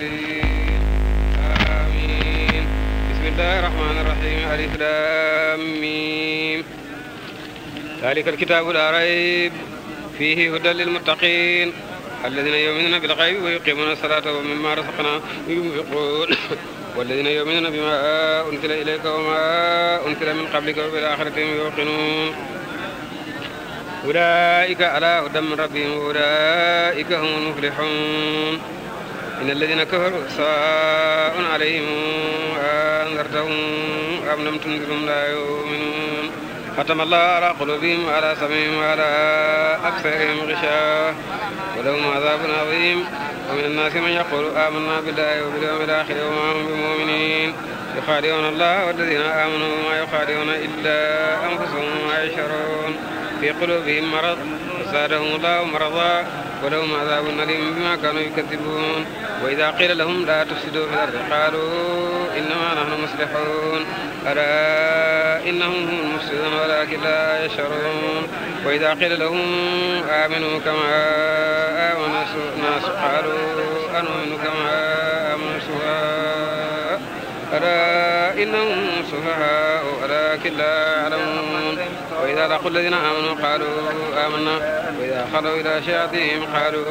الضالين آمين بسم الله الرحمن الرحيم ألف لام ذلك الكتاب لا ريب فيه هدى للمتقين الذين يؤمنون بالغيب ويقيمون الصلاة ومما رزقناهم ينفقون والذين يؤمنون بما أنزل إليك وما أنزل من قبلك وبالآخرة هم يوقنون أولئك على هدى من ربهم وأولئك هم المفلحون إن الذين كفروا سواء عليهم أنذرتهم أم لم تنذرهم لا يؤمنون ختم الله على قلوبهم وعلى سمعهم وعلى أبصارهم غشاة ولهم عذاب عظيم ومن الناس من يقول آمنا بالله وباليوم الآخر وما هم بمؤمنين يخادعون الله والذين آمنوا ما يخادعون إلا أنفسهم ما يشعرون في قلوبهم مرض فزادهم الله مرضا ولهم عذاب أليم بما كانوا يكذبون وإذا قيل لهم لا تفسدوا في الأرض قالوا إنما نحن مصلحون ألا إنهم هم المفسدون ولكن لا يشعرون وإذا قيل لهم آمنوا كما آمن الناس قالوا أنؤمن كما آمن السفهاء ألا إنهم سفهاء ولكن لا يعلمون وإذا لقوا الذين آمنوا قالوا آمنا وإذا خلوا إلى شياطينهم قالوا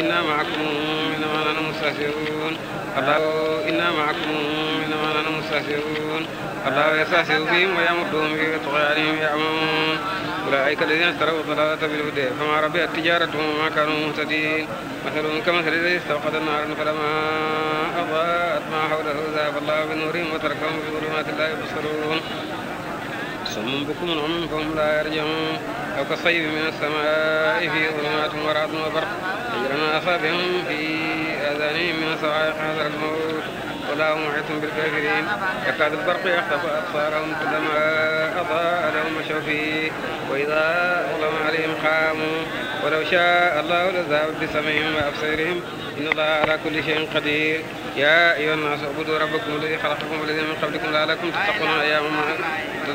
إنا معكم إنما نحن مستهزئون الله إنا معكم إنما نحن مستهزئون الله يستهزئ بهم ويمدهم في طغيانهم يعمون أولئك الذين اشتروا الضلالة بالهدى فما ربحت تجارتهم وما كانوا مهتدين مثلهم كمثل الذي استوقد النار فلما أضاءت ما حوله ذهب الله بنورهم وتركهم في ظلمات لا يبصرون منبكم هم فهم لا يرجعون أو كصيب من السماء فيه ظلمات ورعد وبرق يجرون أصابهم في آذانهم من صواعق هذا الموت ولا هم محيط بالكافرين يكاد البرق يخطف أبصارهم كلما أضاء لهم مشوا فيه وإذا أظلم عليهم قاموا ولو شاء الله لذهب بسمعهم وأبصارهم إن الله على كل شيء قدير يا أيها الناس اعبدوا ربكم الذي خلقكم والذين من قبلكم لعلكم تتقون أيام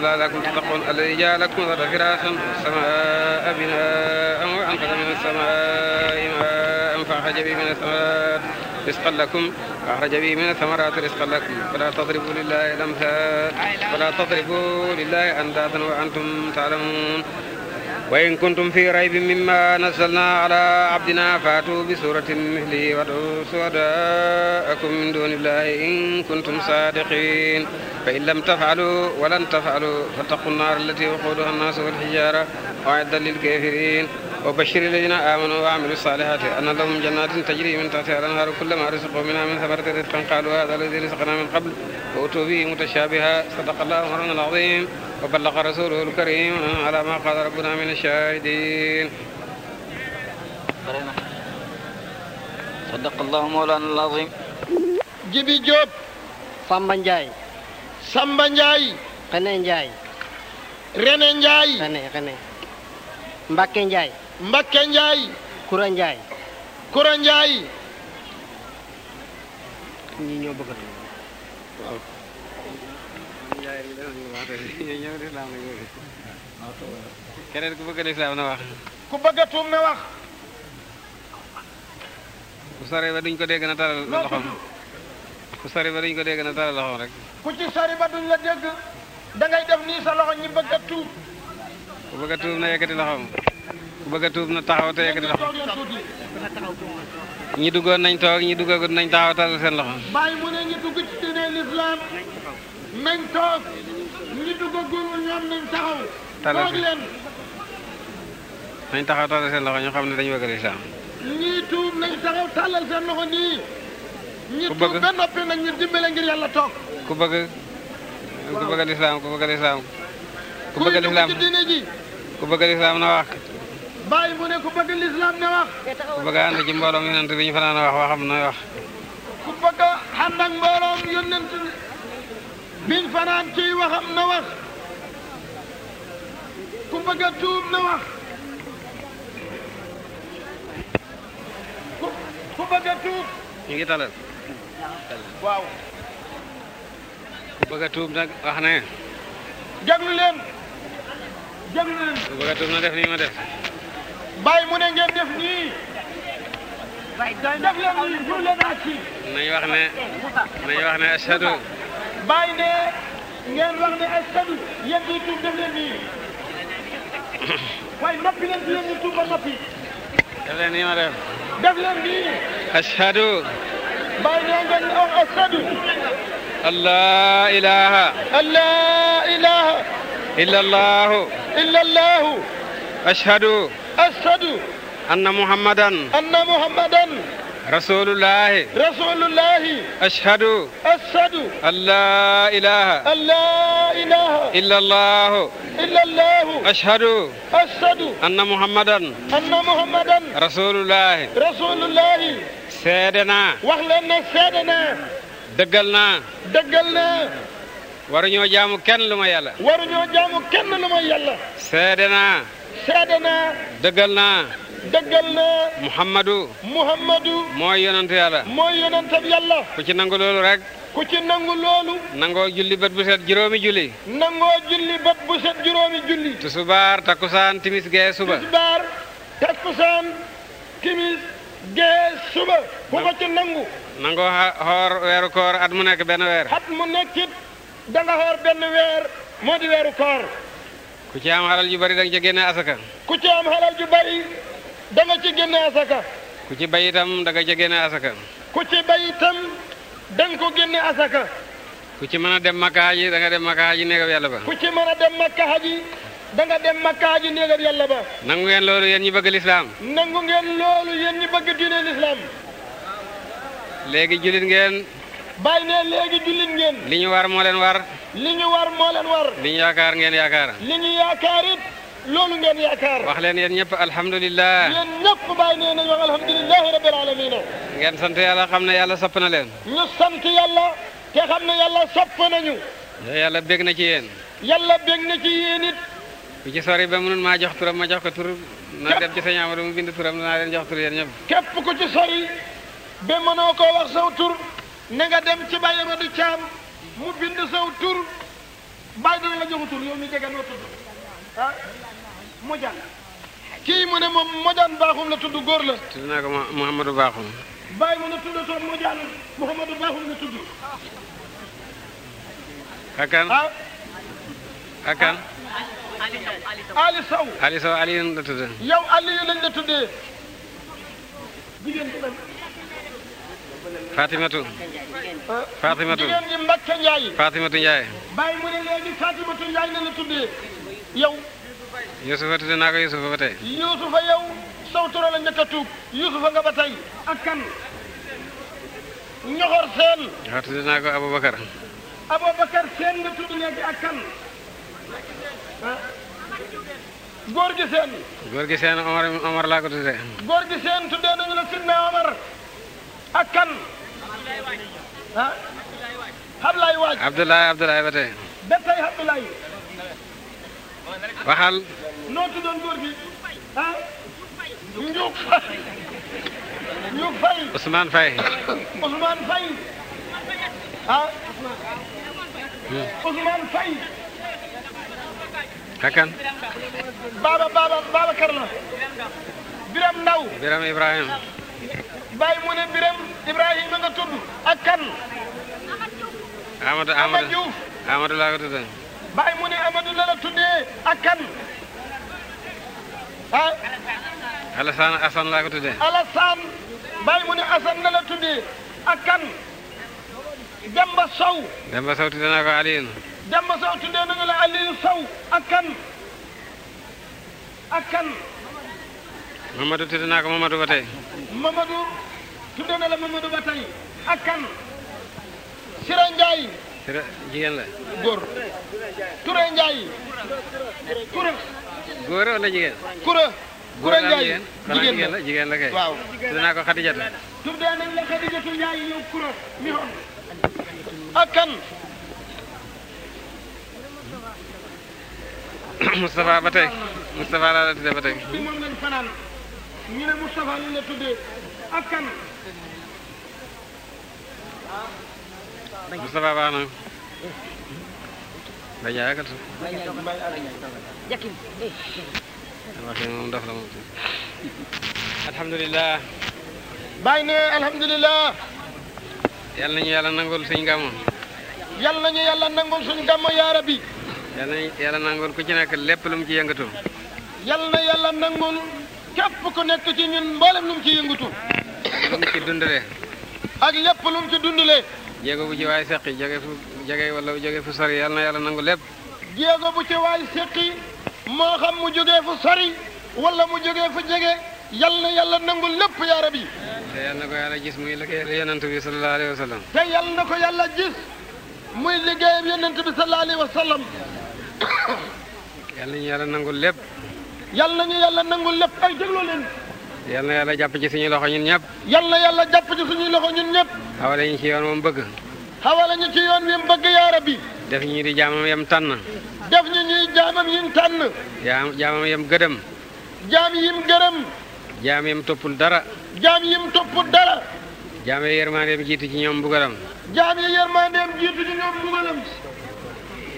لعلكم تتقون الذي جعل لكم الأرض فراشا والسماء بناء وأنزل من السماء ماء فأخرج به من السماء رزقا لكم أخرج به من الثمرات رزقا لكم فلا تضربوا لله الأمثال ولا تضربوا لله أندادا وأنتم تعلمون وإن كنتم في ريب مما نزلنا على عبدنا فاتوا بسورة مثله وادعوا شهداءكم من دون الله إن كنتم صادقين فإن لم تفعلوا ولن تفعلوا فاتقوا النار التي وقودها الناس والحجارة وأعدا للكافرين وبشر الذين آمنوا وعملوا الصالحات أن لهم جنات تجري من تحتها الأنهار كلما رزقوا منها من ثمرة رزقا قالوا هذا الذي رزقنا من قبل وأتوا به متشابها صدق الله العظيم وبلغ رسوله الكريم على ما قال ربنا من الشاهدين صدق الله مولانا العظيم جيبي جوب Samba Ndiaye Samba Ndiaye René Ndiaye René Ndiaye René René Mbacké Ndiaye Mbacké Ndiaye Koura Ndiaye Koura Ndiaye ñi ñoo bëgg ñëw lislaam la ñu keneen ku bëgg a lislaam na wax. ku bëgg a tuub na wax. ku sori duñ ko dégg na taral loxoom. ku sori duñ ko dégg na taral loxoom rek. ku ci sori duñ la dégg da def nii sa loxo ñi bëgg a tuub. ku bëgg a tuub na yëkkati loxoom. ku bëgg tuub na taxaw te yëkkati loxoom. ñi duggoon nañ toog ñi duggagut nañ taxaw taral seen loxo. bàyyi mu ne ñi dugg ci diine lislaam nañ toog. duggagul ñoom nañ taxaw. talal toog leen. nañ taxaw talal seen loxo ñu xam ne dañu bëgg lislaam. ñii tuub nañ taxaw talal seen loxo nii. ñi tuub ba noppi nag ñu dimbale ngir yàlla toog. ku bëgg ku lislaam ku bëgg lislaam. ku bëgg lislaam kuy dugg ci diine ji. ku bëgg lislaam na wax. bàyyi mu ne ku bëgg lislaam na wax. ku bëgg ànd ci mbooloom yonent bi ñu fanaan wax waxam na wax. ku bëgg ànd ak mbooloom yonent biñ fanaan ciy waxam na wax ku bëgg a tuub na wax ku bëgg a tuub ñu ngi talal waaw ku bëgg a tuub nag wax ne jaglu leen jaglu leen ku bëgg a tuub na def nii ma def bàyyi mu ne ngeen def nii def leen nii pour leen àcc nañu wax ne nañu wax ne ashadu bàyyi ne ngeen wax ne ashadu yéen ñuy tuub def leen nii ashadu. bàyyi ne ngeen ne oh, ashadu. allah ilaha. allah ilaha. illallahu. illallahu. ashadu. ashadu. anna muhammadan. anna muhammadan. رسول الله رسول الله أشهد أشهد أن لا إله أن لا إله إلا الله إلا الله أشهد أشهد أن محمدا أن محمدا رسول الله رسول الله سيدنا وحلنا سيدنا دقلنا دقلنا waruñoo jaamu kenn lu ma yàlla. waruñoo jaamu kenn lu ma yàlla. seede naa. seede naa. dëggal naa. dëggal na muhammadu muhammadu mooy yonent yàlla mooy yonent yàlla ku ci nangu loolu rek ku ci nangu loolu nangoo julli bët bu set juróomi julli nangoo julli bët bu set juróomi julli tusubaar takkusaan timis gee suba tusubaar takkusaan timis gee suba ku ko ci nangu nangoo xoor weeru koor at mu nekk benn weer at mu nekkit da nga benn weer moo di weeru koor ku ci am xalal ju bari da nga asaka ku ci am xalal ju bari da nga ci génne asaka. ku ci bay itam da nga ci génne asaka. ku ci bay itam da nga ko génne asaka. ku ci mën a dem makka haji da nga dem makka haji néegam yàlla ba. ku ci mën a dem makka haji da nga dem makka haji néegam yàlla ba. nangu ngeen loolu yéen ñi bëgg lislaam. nangu ngeen loolu yéen ñi bëgg diine lislaam. léegi jullit ngeen. bàyyi ne léegi jullit ngeen. li ñu war moo leen war. li ñu war moo leen war. li ñu yaakaar ngeen yaakaar. li ñu yaakaar loolu ngeen yaakaar. wax leen yéen ñëpp alhamdulilah. yéen ñëpp bàyyi nee nañu wax alhamdulilah rabbil alamin. ngeen sant yàlla xam na yàlla sopp na leen. ñu sant yàlla te xam ne yàlla sopp nañu. yàlla bég na ci yéen. yàlla bég na ci yéen it. ku ci sori ba mënul maa jox turam ma jox ko tur. na dem ci sëñ Amadou mu bind turam naa leen jox tur yéen ñëpp. képp ku ci sori ba mënoo koo wax saw tur na nga dem ci Baye Amadou Thiam mu bind saw tur bàyyi dana la jox mojaan kii mu ne moom mojaan baaxum la tudd góor la tudd naa ko Mouhamadou baaxum bàyyi mu ne tuddatoo mojaan Mouhamadou baaxum la tudd akan akan ah. Ali Sow Ali Sow Aliou la tudd yow Aliou lañ la tuddee jigéen Fatimatu ah. Fatimatu jigéen ji mu ne léegi Fatimatu Njaay la la tuddee yow Yuusufa tudde naa Yuusufa ba tey. Yuusufa yow saw tura njëkk a tuub Yuusufa nga ba tey ak ñoxor seen. waaw tudde naa ko seen nga tudd léegi ak kan. góor seen. góor gi seen laa ko tuddee. góor gi seen tuddee nañu la Sidna Omar ak kan. ah. Abdoulaye Waaj. Abdoulaye Abdoulaye ba tey. ba tey Abdoulaye. waxal. noo tuddoon góor gi ah. Ndiouk Faye. Ndiouk Faye. Ousmane Faye. Ousmane Faye. ah. Ousmane Faye. kakan. Baba la. Biram Ndaw. Biram Ibrahima. Baye mu ne Biram Ibrahima nga tudd. ak kan. Amadou Amadou Amadou Diouf. Amadou laa ko tudd. bàyyi mu ne Amadou la la tuddee ak kan ah. Alassane laa ko tuddee. Alassane bàyyi mu ne Assane la la tuddee ak kan Demba Sow. Demba Sow tuddee naa ko la Alioune Sow ak kan ak kan. Mamadou tuddee naa ko ba tey. Mamadou tuddee na la Mamadou ba tey ak kan Touré jigéen la. góor Touré Ndiaye. Touré. góor wala jigéen. jigéen la jigéen la kay. waaw naa ko Xadijata. tuddee nañ la Xadijatu Ndiaye yow Touré mi xoon. ak kan. ba tey Moustapha laa la tuddee ba tey. bi moom lañ fanaan ñu ne Moustapha lañ la tuddee ak kan. Moustapha baax na. Mbaye Ndiaye ragal moom daf la moom tam. alhamdulilah. bàyyi ne yàlla nangul suñu gàmmu. yàlla nangul suñu gàmmu yaa rabbi. yàlla nangul ku ci nekk lépp lu mu ci yëngatu. yal na yàlla nangul képp ku nekk ci ñun mboolem lu mu ci yëngatu. lu mu ci dundalee. ak lépp lu mu ci dundalee. jéego bu ci waay seqi jóge fu jóge wala jóge fu sori yàlla na yàlla nangu lépp jéego bu ci waay seqi moo xam mu jógee fu sori wala mu jógee fu jege yal na yàlla nangu lépp yaa rabbi te yal ko yàlla gis muy liggéeyal yonent bi sallallahu alayhi wa sallam te yàlla na ko yàlla gis muy liggéeyam yonent bi sallallahu alayhi wa sallam yal yàlla nangu lépp na nañu yàlla nangu lépp ay dégloo yal na yàlla jàpp ci suñuy loxo ñun ñëpp. yal na yàlla jàpp ci suñuy loxo ñun ñëpp. xawala ñu ci yoon moom bëgg. xawala ñu ci yoon wi bëgg yaa rabbi. def ñu di jaamam yam tànn. def ñu ñuy jaamam yim tànn. jaam jaamam yam gëdëm. jaam yim gërëm. jaam yam toppul dara. jaam yim toppul dara. jaam ya yërmandeem jiitu ci ñoom mbugalam. jaam ya yërmandeem jiitu ci ñoom mbugalam.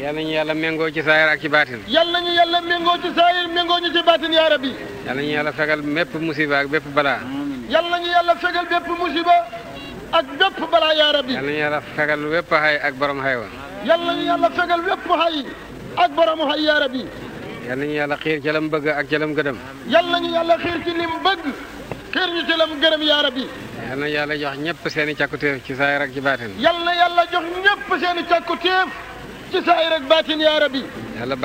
yal nañu yàlla méngoo ci saayir ak ci baatin yal nañu yàlla méngoo ci saayir méngoo ñu ci baatin yaa rabbi yal nañu yàlla fegal mépp musiba ak bépp balaa yal nañu yàlla fegal bépp musiba ak bépp balaa yaa rabbi yal nañu yàlla fegal wépp xay ak borom xay wa yal nañu yàlla fegal wépp xay ak borom xay yaa rabbi yal nañu yàlla bëgg ak ci lam gëdëm yal nañu yàlla xiir ci lim bëgg xiir ñu ci lam gërëm yaa rabbi yal na yàlla jox ñëpp seeni i càkkutéef ci saayir ak ci baatin ci saayir ak baatin yaa rabbi yàlla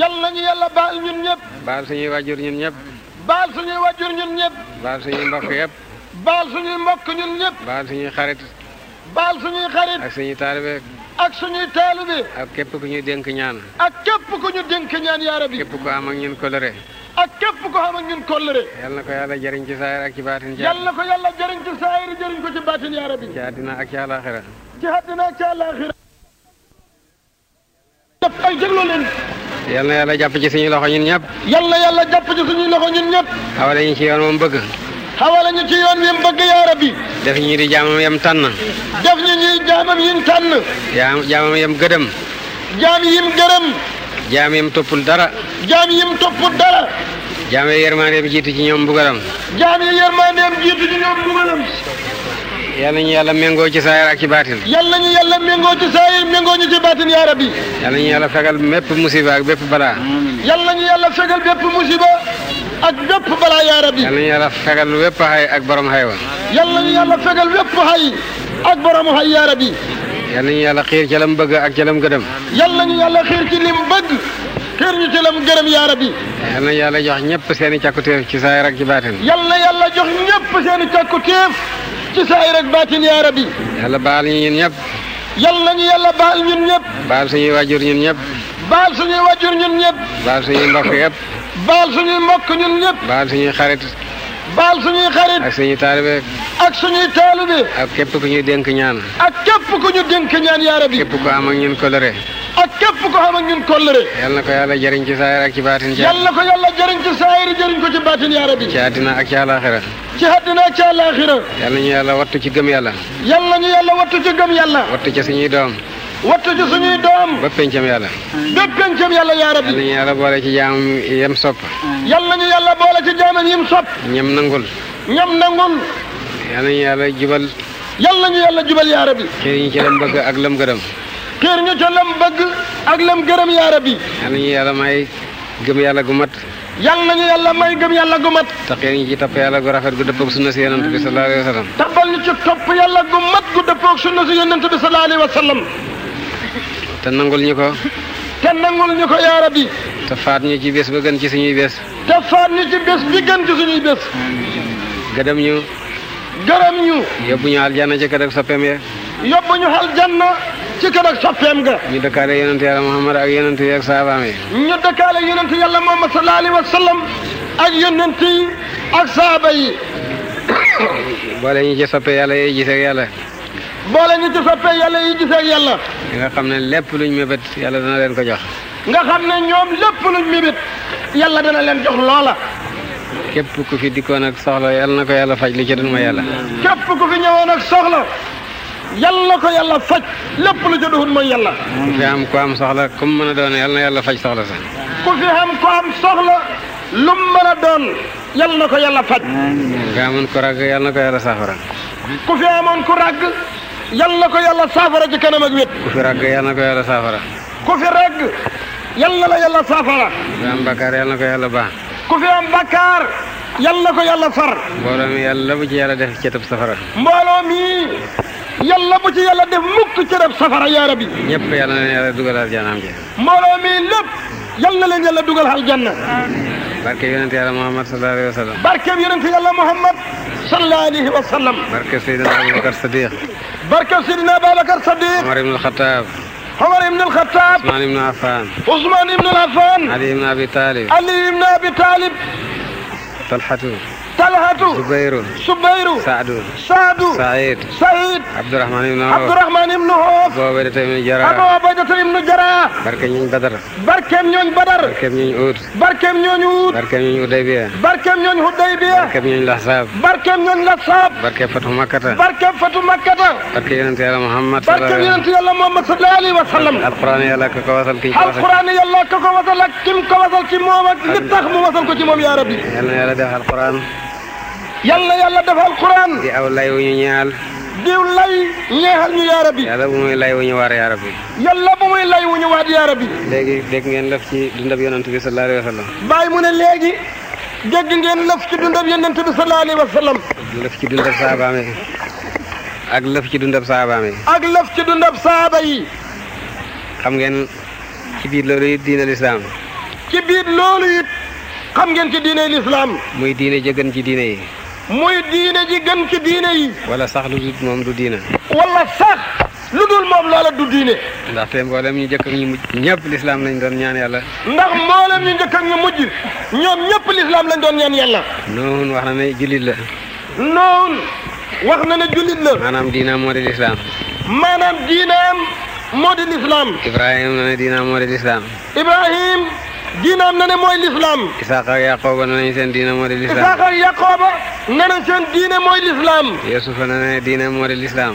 yal nañu yàlla baal ñun ñëpp baal suñuy wajur ñun ñëpp baal suñuy wajur ñun ñëpp baal suñuy mbokk yëpp baal suñuy mbokk ñun ñëpp baal suñuy xarit baal suñuy xarit ak suñuy taalibe ak suñuy taalibe ak képp ku ñu dénk ñaan ak képp ku ñu dénk ñaan yaa rabbi képp ku am ak ñun kolore ko xam ak ñun kóllëre yal na ko yàlla jëriñ ci saayir ak ci baatin yal na ko jëriñ ci saayir ko ci baatin yaa rabbi ak ci àllaaxira ci àddina ak ci àllaaxira def ay dégloo leen yal na yàlla jàpp ci suñu loxo ñun ñëpp yal na yàlla jàpp ci suñu loxo ñun ñëpp xawala ñu ci yoon moom bëgg xawala ñu ci yoon wi mu bëgg yaa bi def ñu di jaamam yam tànn def ñu ñuy jaamam yim tànn jaam jaamam yam gëdëm jaam yim gërëm jaam yim toppul dara jaam yim toppul dara jaam yi yërmandeem jiitu ci ñoom jiitu ci ñoom mbugalam yal nañu yàlla méngoo ci saayir ak ci baatin yal nañu yàlla méngoo ci saayir méngoo ñu ci baatin yaa rabbi yal nañu yàlla fegal mépp musiba ak bépp balaa yal nañu ñu fegal bépp musiba ak bépp balaa yaa rabbi yal nañu yàlla fegal wépp xay ak borom xay wa yal nañu yàlla fegal wépp xay ak borom xay yaa rabbi yal nañu yàlla xiir ci lam bëgg ak ci lam gëdëm yal nañu yàlla xiir ci lim bëgg gërëm yaa na yàlla jox ñëpp seen i càkkutéef ci saayir ak i càkkutéef ci saayir ak baatin yaa rabbi. yàlla baal ñu ñun ñëpp. yàlla nañu yàlla baal ñun ñëpp. baal suñuy waajur ñun ñëpp. baal suñuy waajur ñun ñëpp. baal suñuy mbokk yëpp. baal suñuy mbokk ñun ñëpp. baal suñuy xarit. baal ñuy xarit. ak suñuy taalibe. ak suñuy taalibe. ak képp ku ñu dénk ñaan. ak képp ñu dénk ñaan yaa rabbi. képp am ak ñun coloré. ak képp ko xam ak ñun kóllëre yal na ko yàlla jëriñ ci saayir ak ci baatin yal na ko yàlla jëriñ ci saayir jëriñ ko ci baatin yaa ci àddina ak ci àllaaxira ci àddina ak ci àllaaxira yal na ñu yàlla wattu ci gëm yàlla yal na ñu yàlla wattu ci gëm yàlla wattu ci suñuy doom wattu ci suñuy doom ba pencam yàlla ba pencam yàlla yaa rabbi yal na ñu yàlla boole ci jaamam yem sopp yal na ñu yàlla boole ci jaamam yem sopp ñam nangul ñam nangul yal na ñu yàlla jubal yal yàlla jubal yaa rabbi ci lam ak lam gërëm xéer ñu ca lam bëgg ak lam gërëm yaa rabbi yal nañu yàlla may gëm yàlla gu mat yal nañu yàlla may gëm yàlla gu mat te xéer ñu ci topp yàlla gu rafet gu dëppoog sunna si yonent bi sallallahu alayhi wa sallam tabal ñu ci topp yàlla gu mat gu dëppoog sunna si yonent wa sallam te nangul ñu ko te nangul ñu ko yaa rabbi te faat ñu ci bés ba gën ci suñuy bés te faat ñu ci bés bi gën ci suñuy bés gëdëm ñu gërëm ñu yóbbu ñu aljana ci kër ak soppeem ya yóbbu ñu xal janna ci kër ak soppeem ga ñu dëkkaale yonente yàlla Muhammad ak yonente yi ak saabaam yi ñu dëkkaale yonente yàlla Muhammad sallallahu alayhi ak yonente yi ak saaba yi boole ñu ci soppe yàlla yi gisee ak yàlla boole ñu yàlla yi gisee ak yàlla nga xam ne lépp luñ mébét yàlla dana leen ko jox nga xam ne ñoom lépp luñ mébét yàlla dana leen jox loola képp ku fi dikkoon ak soxla yàlla na ko yàlla faj li ci doon ma yàlla képp ku fi ñëwoon ak soxla yàlla ko yàlla faj lépp lu ca doxul mooy ku fi am ku am soxla ku mën a doon yàlla na yàlla faj soxla sax. ku fi am ku am soxla lu mu mën a doon yàlla ko yàlla faj. ku ràgg yàlla ko yàlla saafara. ràgg yàlla ko yàlla saafara ji kanam ak wét. ku fi ràgg yàlla na ko yàlla saafara. ku fi ràgg yàlla la yàlla saafara. ku fi am bakkaar yàlla na ko yàlla baax. ku fi am ko yàlla far. mbooloo mi yàlla bu ci yàlla def ci safara. mbooloo yàlla bu ci yàlla def mukk ci rab safara yaa rabbi. ñëpp yàlla na leen yàlla dugal aljanaam ji. mbooloo mi lépp yàlla na leen yàlla dugal aljanna. barke yonente yàlla Muhammad sallallahu alayhi wa sallam. barke yonente yàlla Muhammad sallallahu alayhi wa sallam. barke Seydina Aboubacar Sadiq. barke Seydina Aboubacar Sadiq. Omar ibn al-Khattab. Omar ibn al-Khattab. Ousmane ibn Affan. Ousmane ibn Affan. Ali ibn Abi Talib. Ali ibn Abi Talib. Talhatu. Talhatu. Zubairu. Zubairu. Saadu. Saadu. Saïd. Saïd. Abdourahman ibn Awf Abdourahman ibn Awf Abu Ubayda ibn Jarrah Abu Ubayda ibn Jarrah barkeem ñooñ Badar barkeem ñooñ Badar barkeem ñooñ Uhud barkeem ñooñ Uhud barkeem ñooñ Hudaybiya barkeem ñooñ Hudaybiya barkeem ñooñ Lahsab barkeem ñooñ Lahsab barkeem Fatu Makkata barkeem Fatu Makkata barkeem yonent Yàlla Muhammad barkeem yonent Yàlla Muhammad sallallahu alayhi wa sallam alquran Yàlla ko ko wasal ki alquran Yàlla ko ko wasal ak kim ko wasal ci moom ak li tax mu wasal ko ci moom yaa rabbi yàlla yàlla def alquran yàlla yàlla def alquran di aw lay wu ñu ñaal diw lay ñeexal ñu yaa rabbi bu muy lay wu ñu waar yaa rabbi yàlla bu muy waat yaa léegi dégg ngeen lëf ci dundab yonent bi sallallahu alayhi wa sallam mu ne léegi dégg ngeen laf ci dundab yonent bi sallallahu alayhi wa sallam ci dundab saabaam yi ak lëf ci dundab saabaam yi ak lëf ci dundab saaba yi xam ci biir loolu it diine ci biir loolu xam ngeen ci diine muy diine jëgën ci diine yi muy diine ji gën ci diine yi. wala sax lu dul moom du diine. wala sax lu dul moom loola du diine. ndaxte mboolem ñu njëkk ak ñu ñëpp lislaam lañ doon ñaan yàlla. ndax mboolem ñu njëkk ak ñu mujj ñoom ñëpp lislaam lañ doon ñaan yàlla. noonu wax na ne jullit la. noonu wax na ne jullit la. maanaam diinaam moo di lislaam. maanaam diinaam moo di lislaam. Ibrahima ne diinaam moo di Ibrahim diinaam na ne mooy lislaam isaaq yaqooba na seen diina mooy lislaam yusufa na diina mooy lislaam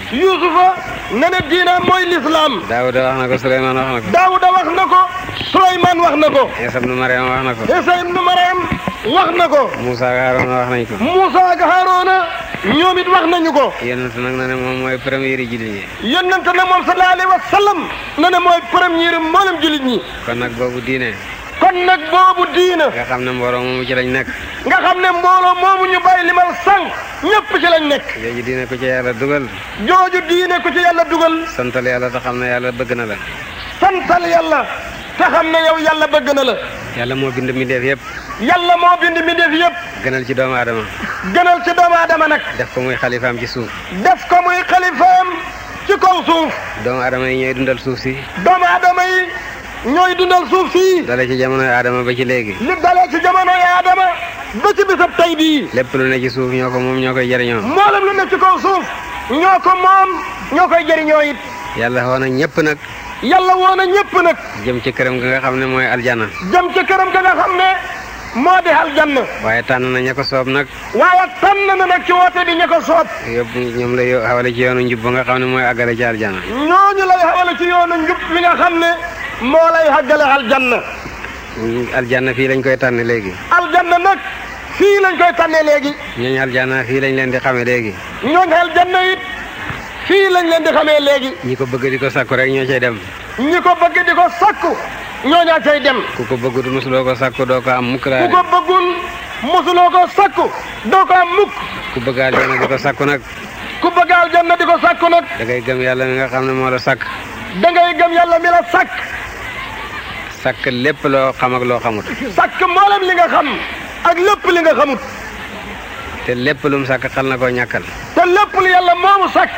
daawuda wax na ko suleymaan wax na ko daawuda wax na ko suleymaan wax na ko isa ibnu mariam wax na ko isa ibnu mariam wax na ko muusa ak haaruna wax nañ ko muusa ak haaruna wax nañu ko yonent nag na ne moom mooy premier yi jullit ñi yonent moom sallallahu alayhi wa sallam mooy premier mboolem jullit kon nag boobu diine kon nag boobu diina. nga xam ne mbooloo moomu ci lañ nekk. nga xam ne mbooloo moomu ñu bàyyi limal sànq ñëpp ci lañ nekk. jooju diine ko ci yàlla dugal. jooju diine ko ci yàlla dugal. santal yàlla te xam ne yàlla la. santal yàlla bëgg na la. yàlla moo bind mbindeef yëpp. yàlla moo bind mbindeef yëpp. gënal ci doomu aadama. gënal ci doomu aadama nag. def ko muy xalifaam ci suuf. def ko muy xalifaam ci kaw suuf. doomu aadama yi ñooy dundal suuf si. doomu aadama yi. ñooy dundal suuf si. dalee ci jamonoy Adama ba ci léegi. li Adama ba ci bisab tey bii. lépp lu ne ci suuf ñoo ko moom ñoo koy jëriñoo. mboolem lu ne ci ñëpp nag. yàlla woon na nag. jëm ci këram ga nga xam ne mooy aljanna. jëm ci këram ga nga xam ne moo di aljanna. waaye tànn na ña ko soob nag. waaye tànn nag ci woote bi ña ko soob. ñoom lay xawale ci yoonu njub nga xam ne mooy àggale ci aljanna. ñooñu lay xawale ci yoonu njub nga xam ne moo lay xàggale aljanna. aljanna fii lañ koy tànn léegi. aljanna nag fii lañ koy tànnee léegi. ñooñu aljanna fii lañ leen di xamee léegi. ñooñu aljanna it fii lañ leen di xamee léegi. ñi ko bëgg di ko sakku rek ñoo cay dem. ñi ko bëgg di ko sakku ñooñaa cay dem. ku ko bëggul ko sakku doo ko am mukk laa. am ku bëgg aljanna di ko sakku nag. ku bëgg aljanna di ko sakku nag. da gëm yàlla mi nga xam ne moo la sakk. da gëm yàlla mi la sakk. sàkk lépp loo xam ak loo xamut. sàkk mboolem li nga xam ak lépp li nga xamut. te lépp lu mu sàkk xal na koo ñàkkal. te lépp lu yàlla moomu sàkk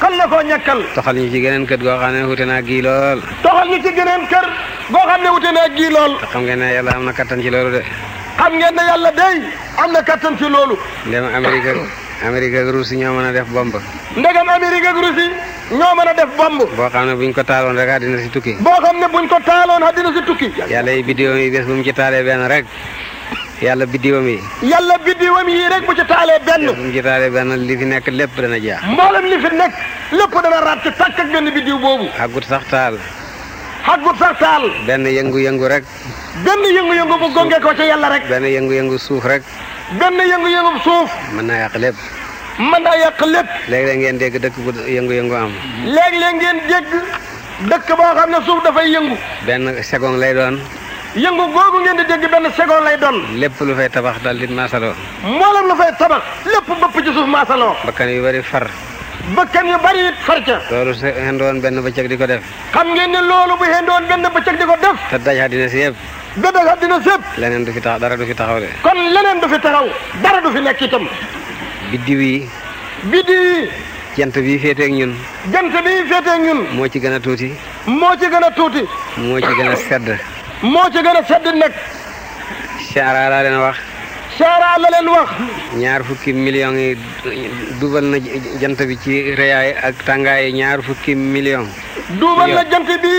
xal na koo ñàkkal. toxal ñu ci geneen kër goo xam ne wute naa gii lool. toxal ñu ci geneen kër goo xam ne wute naa gii lool. te xam ngeen ne yàlla am na kattan ci loolu de. xam ngeen ne yàlla day am na kattan ci loolu. dem Amérique. Amérique ak Russie ñoo mën a def bomb. ndegam Amérique ak ñoo mën a def bomb. boo xam ne buñ ko taaloon rek àddina si tukki. boo xam ne buñ ko taaloon àddina si tukki. yàlla yi biddiwam yi bés bu mu ci taalee benn rek yàlla biddiwam yi. yàlla biddiwam yi rek bu ci taalee benn. li fi nekk lépp dana jeex. mboolem li fi nekk lépp ak benn biddiw boobu. àggut sax taal. àggut sax taal. benn yëngu-yëngu rek. benn yëngu-yëngu bu gonge ko yàlla rek. benn yëngu-yëngu suuf rek. benn yëngu-yëngum suuf. mën naa yàq lépp. man naa yàq lépp. léeg-léeg ngeen dégg dëkk bu yëngu-yëngu am. léeg-léeg ngeen dégg dëkk ba xam ne suuf dafay yëngu. benn seconde lay doon. yëngu googu ngeen di dégg benn seconde lay doon. lépp lu fay tabax dal di maasaloo. mboolem lu fay tabax lépp bëpp ci suuf maasaloo. yu bari far. bëkkan yu bari it far ca. loolu su hendoon benn bëccëg di ko def. xam ngeen ne loolu bu hendoon benn bëccëg di ko def. te daj àddina si yëpp. ba bés àddina sépp leneen du fi tax dara du fi taxaw de kon leneen du fi taxaw dara du fi nekk itam biddiw yi biddiw yi jant bii féeteeg ñun jant bii féeteeg ñun moo ci gën a tuuti moo ci gën a tuuti moo ci gën a sedd moo ci gën a sedd nekk saaraa laa leen wax saaraa leen wax ñaar fukki millions yi duubal na jant bi ci réyaay ak tàngaay ñaar fukki million duubal na jant bi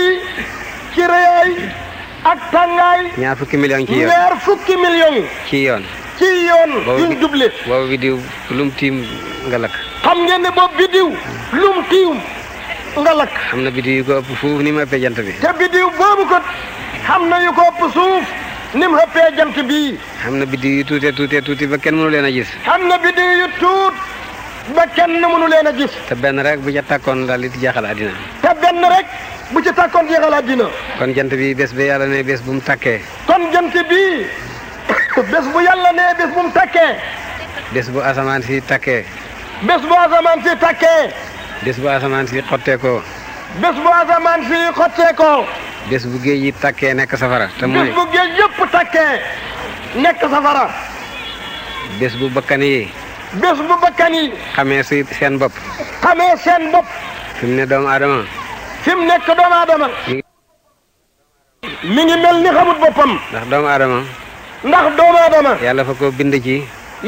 ci réyaay ak tàngaay. ñaar fukki million ci yoon ñaar ci yoon. ci yoon yuñ juble. boobu biddiw lum tiim nga lak xam ngeen ne biddiw lum nga lakk. xam na biddiw yu ko ëpp suuf ni mu ëppee bi. te biddiw boobu ko xam na yu ko ëpp suuf. ni mu xëppee jant bii. xam na biddiw yu tuutee tuutee tuuti ba kenn mënu leen a gis. xam tuut ba kenn mënu leen a gis. te benn rek bu ca takkoon daal di jaaxal àddina. te benn rek. bu ci tàkkoon jeexal àddina kon jant bi bés ba yàlla ne bés bu mu tàkkee kon jant bi bés bu yàlla ne bés bu mu tàkkee bés bu asamaan si tàkkee bés bu asamaan si tàkkee bés bu asamaan si xotteekoo bés bu asamaan bés bu géej yi takkee nekk safara te mooy bés bu géej yëpp tàkkee nekk safara bés bu bakkan yi bés bu bakkan yi xamee si seen bopp xamee seen bopp fi ne doomu aadama fi mu nekk doomu aadama mi ngi mel ni xamut boppam ndax doomu aadama ndax doomu aadama yàlla fa ko bind ci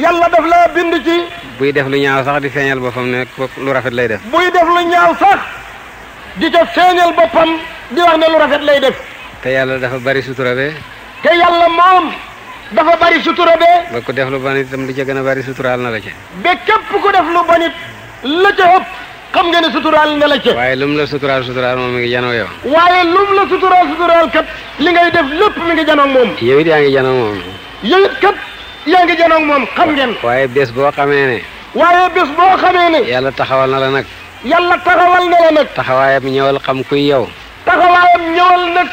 yàlla daf laa bind ci buy def lu ñaaw sax di feeñal boppam ne lu rafet lay def buy def lu ñaaw sax di ca feeñal boppam di wax ne lu rafet lay def te yàlla dafa bari sutura be te yàlla moom dafa bari sutura be ba ku def lu bon itam lu ca gën a bari suturaal na la ca ba képp ku def lu bon la ca ëpp xam nga ne suturaal na la ca. waaye lum la suturaal suturaal moom mi ngi janoo yow. waaye lum la suturaal suturaal kat li ngay def lépp mi ngi janoo moom. yow it yaa ngi janoo moom. yow it kat yaa ngi janoo moom xam ngeen. waaye bés boo xamee ne. waaye bés boo xamee ne. yàlla taxawal na la nag. yàlla taxawal na la nag. taxawaayam ñëwal xam kuy yow. taxawaayam ñëwal nag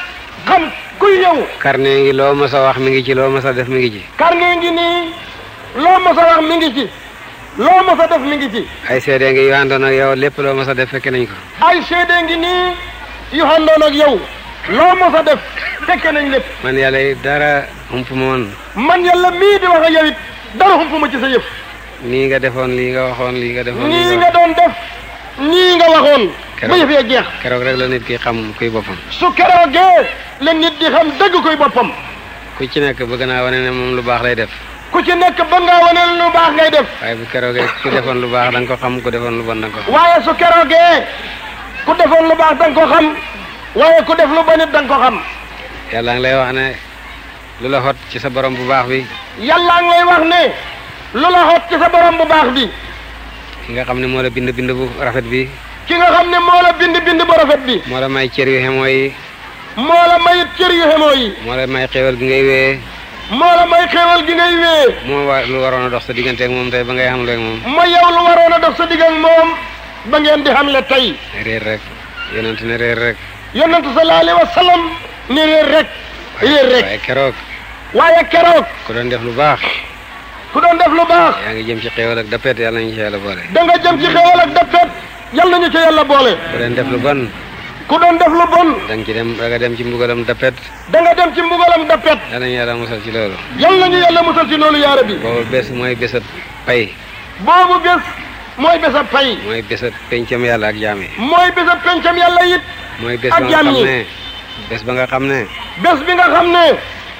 xam kuy yow. karne ngi loo mës a wax mi ngi ci loo mës a def mi ngi ci. karne ngi nii loo mës a wax mi ngi ci. loo mos a def mi ngi ci. ay seede ngi yu àndoon ak yow lépp loo mos a def fekke nañ ko. ay seede ngi nii yu àndoon ak yow. loo mos a def fekke nañ lépp. man yàlla it dara humpu ma woon. man yàlla mii di wax ak yow dara humpu ci sa yëf. nii nga defoon lii nga waxoon lii nga defoon. nii nga doon def nii nga waxoon. ba yëf ya jeex. keroog rek la nit ki xam kuy boppam. su keroogee la nit di xam dëgg kuy boppam. ku ci nekk bëgg naa wane ne moom lu baax lay def. ku ci nekk ba ngaa wane lu baax ngay def. waaye bu keroogee ku defoon lu baax da nga ko xam ku defoon lu bon da ko xam. waaye su ku defoon lu baax da ko xam ku def lu bon it da ko xam. yàlla lay wax ne lu la xot ci sa borom bu baax bi. yàlla ngi ki nga xam ne moo la bind bind bu rafet bi. ki nga xam ne moo la bind bind bu rafet bi. moo la may cër yu xemoo yi. moo la may cër yu ngay wee. moo la may xéewal gi ngay wee moo wa lu waroon dox sa diggante moom tey ba ngay xam leeg moom ma yow lu waroon a dox sa digg ak moom ba ngeen di xam le tey réer rek yonent ne réer rek yonent sallallahu alayhi wa sallam ne réer rek réer ku doon def lu baax ku doon def lu baax yaa ngi jëm ci xéewal ak na yàlla nañu ci yàlla boole da nga jëm ku doon def lu bon. da dem da dem ci mbugalam dappet. da dem ci mbugalam dappet. yal nañu yàlla musal ci loolu. yal yaara bi. boobu bés mooy bésab pay. boobu bés mooy bésab pay. mooy bésab pencam yàlla ak jaam yi. mooy bésab pencam yàlla it. mooy bés ba nga xam ne. bés bi nga xam ne.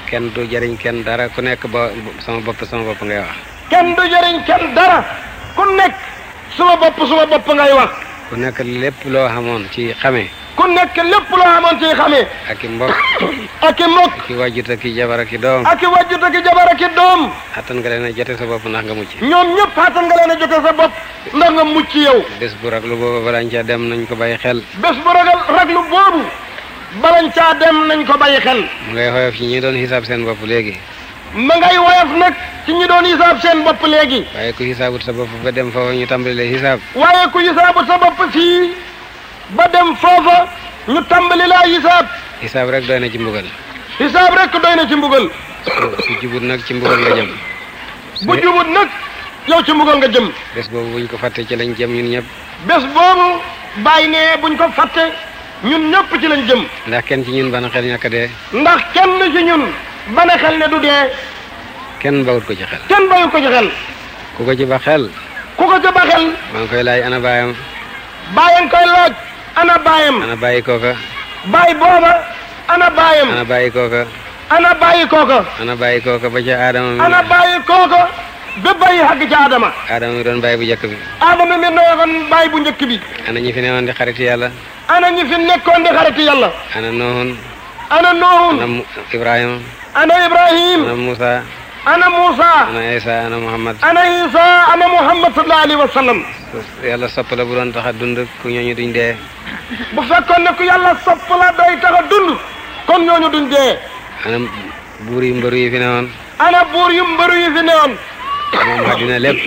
kenn du jëriñ kenn dara ku nekk ba sama bopp sama bopp ngay wax. ku nekk. lépp loo xamoon ci xamee. ku nekk lépp loo amoon ci xamee. ak i mbokk. ak i mbokk. aki i ki ak i jabar ak i doom. ak i wajjut ak i doom. attan nga leen a jote sa bopp ndax nga mucc. ñoom ñëpp attan nga a jote sa bopp ndax nga mucc yow. bés bu raglu boobu balañ caa dem nañ ko bàyyi xel. bés bu ragal raglu boobu balañ caa dem nañ ko bàyyi xel. mu ngay xoyof ci ñi doon xisaab seen bopp léegi. ma ngay woyof nag ci ñi doon hisaab seen bopp léegi. waaye ku hisaabut sa bopp ba dem foofa ñu tàmbalee hisaab. waaye ku hisaabut sa bopp fii. ba dem foofa ñu tàmbali laa hisaab hisaab rek doy na ci mbugal hisaab rek doy na ci mbugal su jubut nag ci mbugal nga jëm bu jubut nag yow ci mbugal nga jëm bés boobu buñ ko fàtte ci lañ jëm ñun ñëpp bés boobu bàyyi ne buñ ko fàtte ñun ñëpp ci lañ jëm ndax kenn ci ñun bana xel ñàkk dee ndax kenn ci ñun bana xel ne du dee kenn bawut ko ci xel kenn bawut ko ci xel ku ko ci ba xel ku ko ci ba xel maa ngi koy laaj ana baayam bàyyi koy laaj ana baayam ana baayi kooka baay booba ana baayam ana baayi kooka ana baayi kooka ba ca aadama mi ana baayi ba bàyyi xàgg ca aadama aadama mi doon bàyyi bu njëkk bi aadama mi doon bàyyi bu njëkk bi ana ñi fi newoon di xariti yàlla ana ñi fi nekkoon di xariti yàlla ana noohun ana noohun ana ana ibrahim ana moussa ana Moussa. ana Isa ana Muhammad. ana Isa ana Muhammad sallallahu alayhi wa sallam. yàlla bu doon tax a dund ku ñooñu duñ dee. bu fekkoon ne ku yàlla sopp la day tax a dund kon duñ dee. ana buur yu mbëru yi fi newoon. ana buur yu mbëru yi fi newoon. moom àddina lépp.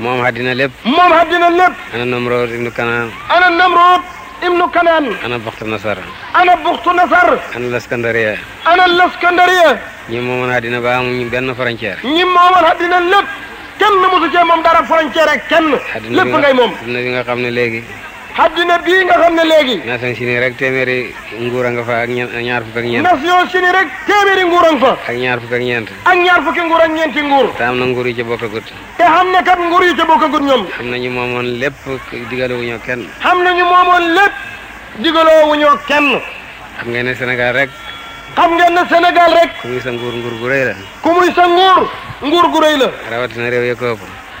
moom àddina lépp. moom àddina lépp. ana Namrood ibnu Kanaan. ana Namrood. ibnu kanaan ana buxtu nasar ana buxtu nasar ana laskandariya ana laskandariya ñi moomoon àddina ba amuñu benn frontière ñi moomoon àddina lépp kenn mosu cee moom dara frontière ak kenn lépp ngay moom nga xam ne léegi addina bii nga xam ne léegi. nation Chine rek téeméeri nguur a nga fa ak ñaar fukk ak ñeent. nation Chine rek téeméeri nguur a nga fa. ak ñaar fukk ak ñeent. ak ñaar fukki nguur ak ñeenti nguur. te na nguur yi ca bokkagut. te xam ne kat nguur yi ca bokkagut ñoom. xam nañu moomoon wu ñoo kenn. xam nañu moomoon lépp digaloo wu ñoo kenn. xam ngeen ne rek. xam ngeen ne Sénégal rek. ku muy sa nguur nguur gu rëy la. ku sa nguur nguur gu rëy la. rawatina réew ya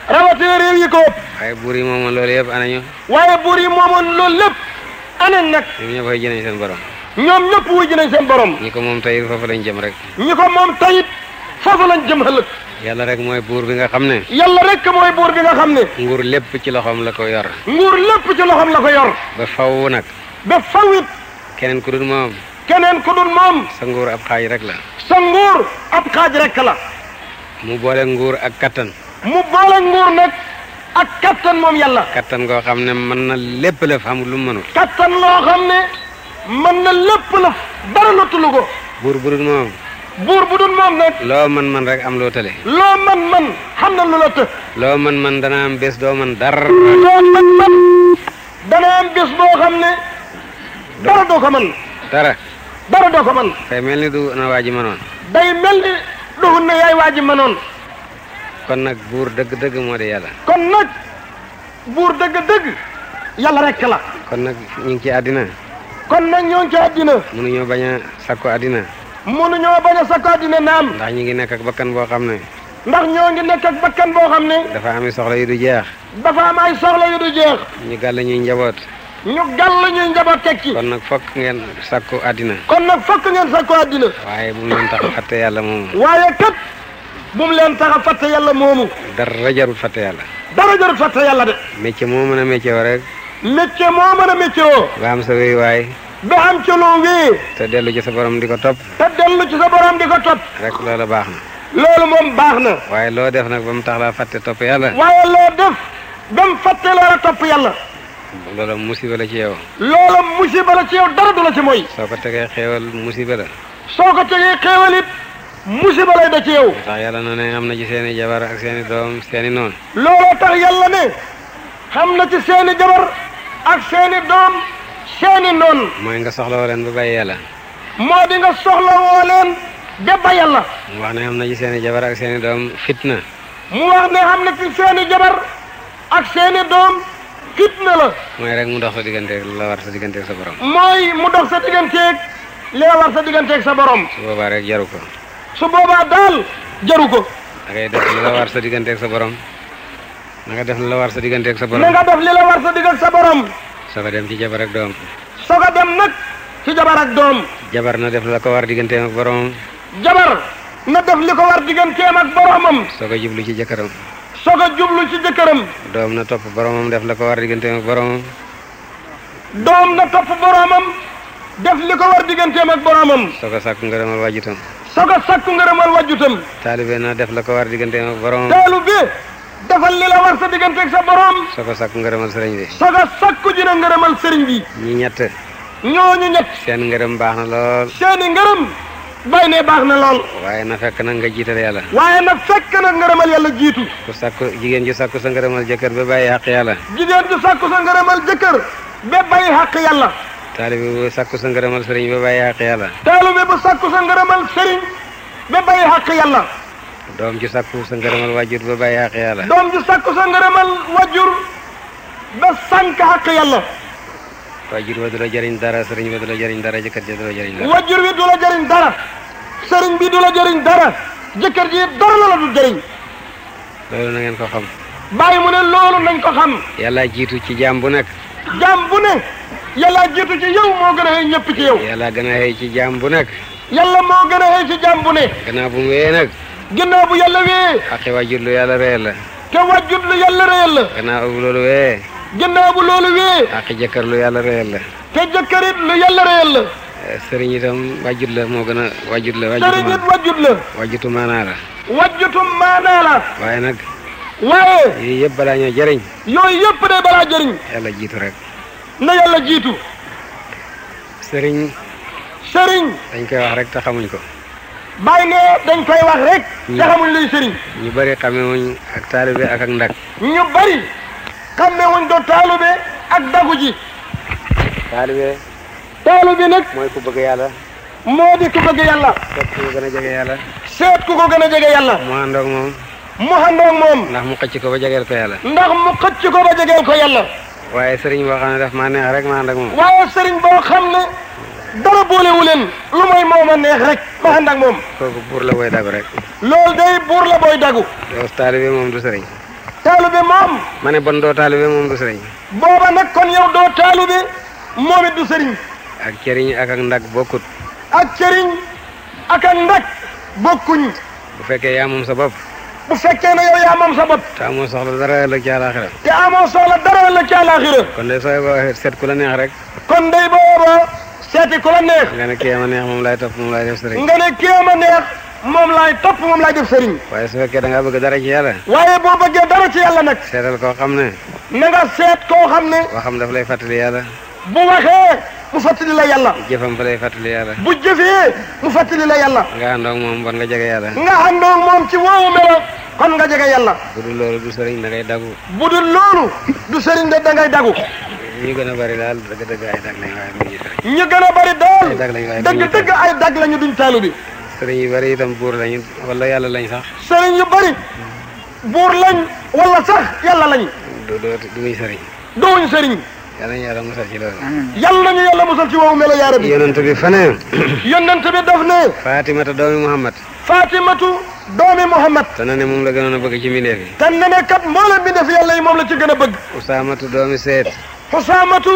rawatina réew yi ko ëpp. waaye buur yi moomoon loolu yëpp ana ñu. waaye buur nag. ñoom ñëpp wuy jënañ seen borom. ñoom ñëpp wuy jënañ seen borom. ñi ko moom tayit foofu lañ jëm rek. ñi ko moom tayit foofu lañ jëm ëllëg. yàlla rek mooy buur bi nga xam ne. yàlla rek mooy buur bi nga xam ne. nguur lépp ci loxoom la ko yor. nguur lépp ci loxoom la ko yor. ba faw nag. ba faw it. keneen ku dul moom. keneen ku dul moom. sa nguur ab xaaj rek la. sa nguur ab xaaj rek la. mu boole nguur ak kattan. mu boole nguur nag ak kattan moom yàlla. kattan goo xam ne mën na lépp lëf amul lu mu mënul. kattan loo xam ne mën na lépp lëf dara lottulu ko. buur bu dul moom. buur loo man man rek am lootale tële. loo man man xam na lu la loo man man dana am bés doo man dara. doo ko man dara. dara doo ko man day mel ni du na waa ji mënoon. day mel ni du na yaay waa ji mënoon. kon nag buur dëgg-dëgg moo di yàlla. kon la. kon nag ñu ngi ci àddina. kon nag ñoo ngi ci àddina. mënuñoo bañ a sakku àddina. mënuñoo bañ a sakku àddina naam. ndax ñu ngi nekk ak bakkan boo xam ne. ndax ñoo ngi nekk ak bakkan boo xam ne. dafa am ay soxla yu du jeex. dafa am ay soxla yu du jeex. ñu gàll ñuy njaboot. ñu gàll ñuy njaboot teg kon nag fokk ngeen sakku àddina. kon nag fokk ngeen sakku àddina. waaye mu leen tax a yàlla moomu. waaye kat. bu mu leen tax a fàtte yàlla moomu. dara jarul fàtte yàlla. de. métier moo mën a métier woo rek. métier moo mën a métier woo. ba am sa wéy waay. ba am ca loo wéy. te dellu ci sa borom di ko topp. te dellu ci sa borom di ko topp. rek loolu baax na. loolu moom baax na. waaye loo def nag ba mu tax laa fàtte topp yàlla. waaye loo def ba mu fàtte loola topp yàlla. loola musiba la ci yow. loola musiba la ci yow dara du la ci mooy. soo ko tegee xéewal musiba la. soo ko tegee xéewal musiba lay da ci yow. moo tax yàlla na ne am na ci seen i jabar doom seen noon. looloo xam na ci seen jabar ak seen doom seen noon. mooy nga soxla woo leen ba bàyyi yàlla. moo nga soxla leen ba bàyyi yàlla. mu wax ne am na ci seen i jabar ak seen doom fitna. mu wax ne xam na ci seen i jabar ak seen doom. fitna la. mooy rek mu dox sa digganteeg la sa digganteeg sa borom. mooy mu dox sa digganteeg la war sa digganteeg sa borom. su rek jaru ko. su boobaa daal jaru ko. da def li la war sa digganteek sa borom. na nga def li la war sa digganteek sa borom. soo ko dem ci jabar ak doom. soo ko dem nag ci jabar ak doom. jabar na def la ko war digganteem ak boromam. jabar na ko war digganteem ak boromam. soo ko jublu ci jëkkëram. soo ko jublu ci jëkkëram. doom na topp boromam def la ko war digganteem ak boromam. doom na topp boromam def li ko war digganteem ak boromam. soo ko sàkku ngërëmal waajutam. soo ko sakku ngërëmal wàjjutam. taalibe na def la ko war diggante ak borom. taalibe defal li la war sa diggante ak sa borom. soo ko sakku ngërëmal sëriñ bi. soo ko sakku dina ñett. seen ngërëm baax na lool. seeni ngërëm. bay baax na lool. waaye na fekk nag nga jiital yàlla. waaye na fekk nag ngërëmal yàlla jiitu. ku sakku jigéen ju sakku sa ngërëmal jëkkër ba bàyyi xàq yàlla. jigéen ju sakku sa ngërëmal jëkkër ba bàyyi xàq yàlla. taalibe bu sàkku sa ngërëmal sëriñ ba bàyyi xàq yàlla doom ju sàkku sa ngërëmal wàjjur ba bàyyi xàq yàlla doom ju sàkku sa ngërëmal wàjjur ba sànk xàq yàlla wàjjur ba du la dara sëriñ ba du la dara jëkkër ji dara wàjjur bi du loolu na ko xam bàyyi mu ne loolu nañ ko xam yàlla jiitu ci jaam bu jaam bu ne yàlla jiitu ci yow moo gën a xëy ñëpp ci yow. yàlla gën a xëy ci jaam bu nekk. yàlla moo gën a xëy ci jaam bu ne. gannaaw bu mu wee nag. gannaaw bu yàlla wee. xaqi wàjjur lu yàlla reyal la. te wàjjur lu yàlla reyal la. gannaaw bu loolu wee. gannaaw bu loolu wee. xaqi jëkkër lu yàlla reyal te jëkkërit lu yàlla reyal la. Eh, sëriñ itam la moo gën a wàjjut la. sëriñ it wàjjut la. wàjjutu maanaa la. wàjjutu maanaa la. waaye nag. waaye. yii balaa ñoo jëriñ. jiitu rek. na yàlla jiitu. sëriñ. sëriñ. dañ koy wax rek te xamuñ ko. bàyyi ne dañ koy wax rek. te xamuñ luy sëriñ. ñu bari xamewuñ ak taalibe ak ak ndag. ñu bari xamewuñ do taalibe ak dagu ji. taalibe. taalibe nag. mooy ku bëgg yàlla. moo di ku bëgg yàlla. seet ku ko gën a jege yàlla. seet ku ko gën a jege yàlla. mu àndoog moom. mu àndoog moom. ndax mu xëcc ko ba jegeel ko yàlla. ndax mu xëcc ko ba jegeel ko yàlla. waaye sëriñ boo xam ne daf maa neex rek ma ànd ak moom. waaye neex rek ma ànd moom. buur la booy dagu rek. loolu day buur la booy dagu. doo taalibe moom du sëriñ. taalibe moom. ma ne bon doo taalibe moom du sëriñ. booba nag kon yow doo taalibe moom du sëriñ. ak cëriñ ak ak ndag bokkut. ak cëriñ ak ak ndag bokkuñ. bu fekkee yaa moom sa bopp. bu fekkee ne yow yaa moom sa bopp. soxla dara ëllëg ci àllaaxira. te amoo soxla dara ëllëg ci àllaaxira. kon day sooy seet ku la neex rek. kon day booba seeti ku la neex. nga ne ma neex moom laay topp moom laay def sëriñ. nga waaye su fekkee da ngaa bëgg dara ci yàlla. waaye boo bëggee dara ci yàlla nag. seetal koo ne. na nga seet koo xam ne. waxam daf lay fàttali yàlla. bu waxee. mu fàttali la yàlla. jëfam fa lay fàttali bu jëfee mu fàttali la yàlla. nga àndoog moom kon nga jege yàlla. nga àndoog moom ci woowu melo kon nga jege yàlla. bu dul loolu du sëriñ da ngay dagu. bu dul loolu du sëriñ da ngay dagu. ñu gën a bari daal dëgg-dëgg ay dag lañu a bari daal dëgg-dëgg ay dag lañu duñ taalu bi. sëriñ yu bari itam buur lañu wala yàlla lañ sax. sëriñ yu bari buur lañ wala sax yàlla lañ. du du du sëriñ. yal nañu yàlla musal ci loolu. yal nañu yàlla musal ci woowu melo yaara bi. yonent bi fa ne. yonent bi moom a bëgg ci mbindeef yi. te ne kat mboolem mbindeef yàlla yi moom la ci gën a bëgg. Usaamatu doomi Seet. Usaamatu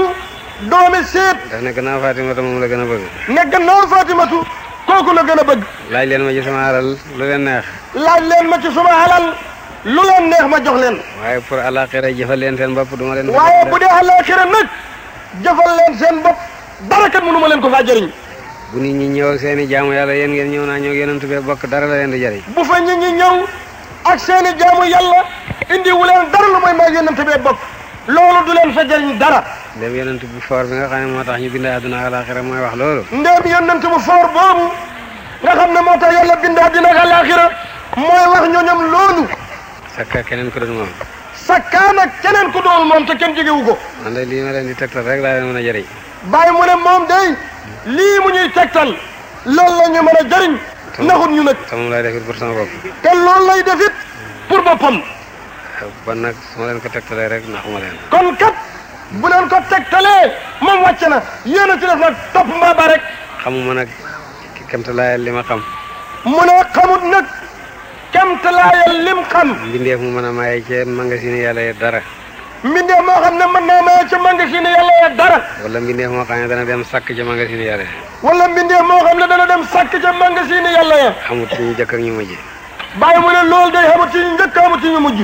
doomi Seet. daf ne a Fatimatu moom la gën a bëgg. ne gannaaw Fatimatu kooku la gën a bëgg. laaj leen ma ci sama alal lu leen neex. laaj leen ma lu leen neex ma jox leen. waaye pour alaxira jëfal leen seen bopp du ma leen. waaye bu dee alaxira nag jëfal leen seen bopp dara kat mënu ma leen ko faa jëriñ. bu nit ñi ñëw ak seen i jaamu yàlla yéen ngeen ñëw naa ñëw yonent bi bokk dara la leen di jëriñ. bu fa nit ñi ñëw ak seen jaamu yàlla indi leen dara lu mooy maa yonent bi bokk loolu du leen fa jëriñ dara. ndem yonent bu foor bi nga xam ñu bind àdduna alaxira mooy wax loolu. ndem yonent bu foor boobu nga xam ne moo tax yàlla bind àdduna alaxira mooy wax sakka keneen ko doon moom. sakka nag keneen ko doon moom te kenn jógewu ko. man de lii ma leen di tegtal rek laa leen mën a jëriñ. bàyyi mu ne moom day lii mu ñuy tegtal loolu la ñu mën a jëriñ. naxut ñu nag. te moom lay defit pour sama bopp. te loolu lay ma leen ko tegtalee rek naxuma leen. kon kat bu leen ko tegtalee moom wàcc na yéen a ci def nag topp mbaa ba rek. xamuma nag kéemtalaayal li ma xam. mu ne xamut nag. kemtalaayal lim xam. mbindeef mu mën a maye ca magasin yàlla ya dara. mbindeef moo xam ne mën naa maye ca magasin yàlla ya dara. wala mbindeef moo xam ne dana dem sàkk ca magasin yàlla ya. wala mbindeef moo xam ne dana dem sàkk ca magasin xamut ci ñu njëkk ak ñu mujj. bàyyi mu ne loolu day xamut ci ñu njëkk xamut ci ñu mujj.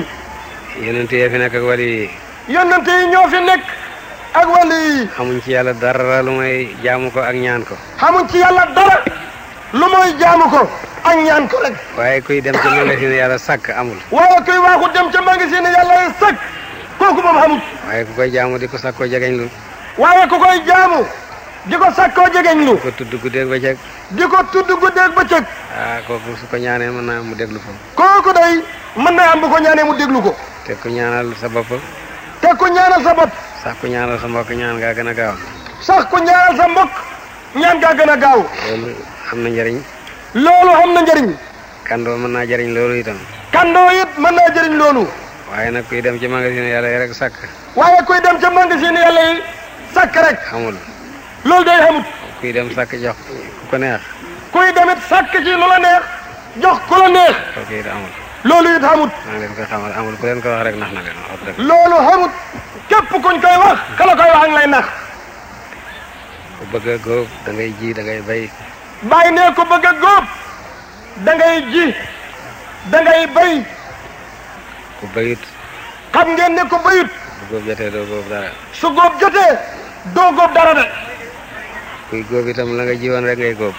yonente yi fi nekk ak wàll yi. yonente yi ñoo fi nekk. ak wàll yi. xamuñ ci yàlla dara lu may jaamu ko ak ñaan ko. xamuñ ci yàlla dara. lu mooy jaamu ko ak ñaan ko rek. waaye kuy dem ca magasin yàlla sàkk amul. waaye kuy waaxu dem ca magasin yàlla sàkk kooku moom amul. waaye ku koy jaamu di ko sàkkoo jegeñ lu. waaye ku koy jaamu di ko sàkkoo jegeñ lu. di ko tudd guddeeg bëccëg. di ko tudd guddeeg bëccëg. ah kooku ko ñaanee mën naa mu déglu ko. kooku day mën naa am ko ñaanee mu déglu ko. te ku ñaanal sa bopp. te ku ñaanal sa bopp. sax ku ñaanal sa mbokk ñaan ngaa gën a gaaw. sax ku ñaanal sa mbokk ñaan ngaa gën a am na njariñ loolu am na njariñ kandoo mën naa jariñ loolu itam kandoo it mën naa jariñ loolu waaye nag kuy dem ci magasin yàlla yàlla yi sàkk rek xamul loolu day xamut kuy dem sàkk ci lu la neex jox ku la neex kooku it amul loolu it xamut ku leen koy wax rek nax na leen loolu xamut képp kuñ koy wax kala koy lay nax ku a góob da ngay ji da ngay bay bàyyi ne ko bëgg góob da ngay ji da ngay béy. ku béyut. xam ngeen ne ku béyut. su góob jotee doo góob dara. su góob jotee doo góob dara de. kuy góob itam la nga ji woon rek ngay góob.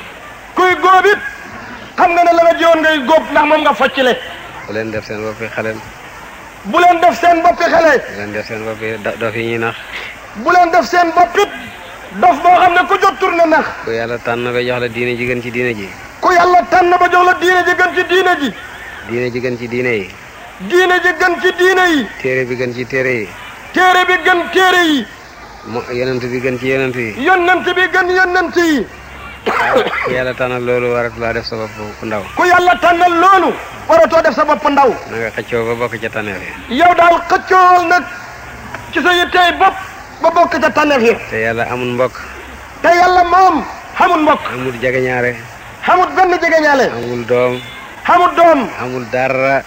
kuy góob it xam nga ne la nga ji ngay góob ndax moom nga foccile. bu leen def seen boppi xaleel. bu leen def seen boppi xale. bu leen def seen boppi dof yi ñuy bu leen def seen bopp dof boo xam ne ku jot tur na nax. ku yàlla tànn ba jox la diine ji gën ci diine ji. ku yàlla tànn ba jox la diine ji gën ci diine ji. diine ji gën ci diine yi. téere bi gën ci téere yi. téere bi gën téere yi. mo yonent bi gën ci yonent yi. yonent bi gën yonent yi. ku yàlla tànnal loolu waratu laa def sa bopp ndaw. ku yàlla tànnal loolu. waratoo def sa bopp ndaw. na nga xëccoo ba bokk ca tànneef yi. yow daal xëccoo nag ci sa yitteey bopp. ba bokk ca yi. te yàlla amul mbok te yàlla moom xamul mbokk. amul jegeñaare. jegeñaale. amul doom. xamul doom. amul dara.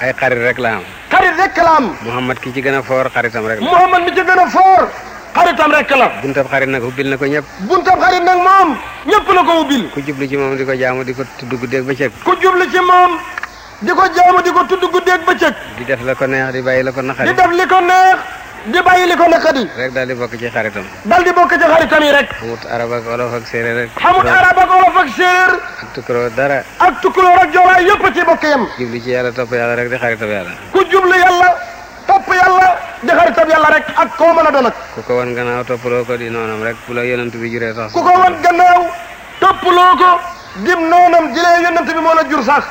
ay xarit rek la am. xarit rek la Muhammad ki ci gën a foor xaritam rek la. Muhammad mi ci gën foor. xaritam rek la. buntab xarit nag ubbil na ko ñëpp. buntab xarit nag moom. ñëpp la ko ubbil. ku jublu ci moom di ko jaamu di ko tudd guddeeg bëccëg. ku jublu ci moom. di ko jaamu di ko tudd guddeeg bëccëg. di def la ko neex di bàyyi la ko neex. di bàyyi li ko naqadi. rek daal di bokk ci xaritam. daal di bokk ci xaritam rek. xamut arab ak olof rek. xamut arab ak olof ak séeréer. ak dara. ak tukkuloo ak joolaa yëpp ci bokk yam. jubli ci yàlla topp yàlla rek di xaritam yàlla. ku jublu yàlla topp yàlla di ko wan gannaaw toppaloo ko di noonam rek bu la yonent bi sax. ku ko wan gannaaw toppaloo ko noonam jilee yonent bi moo jur sax.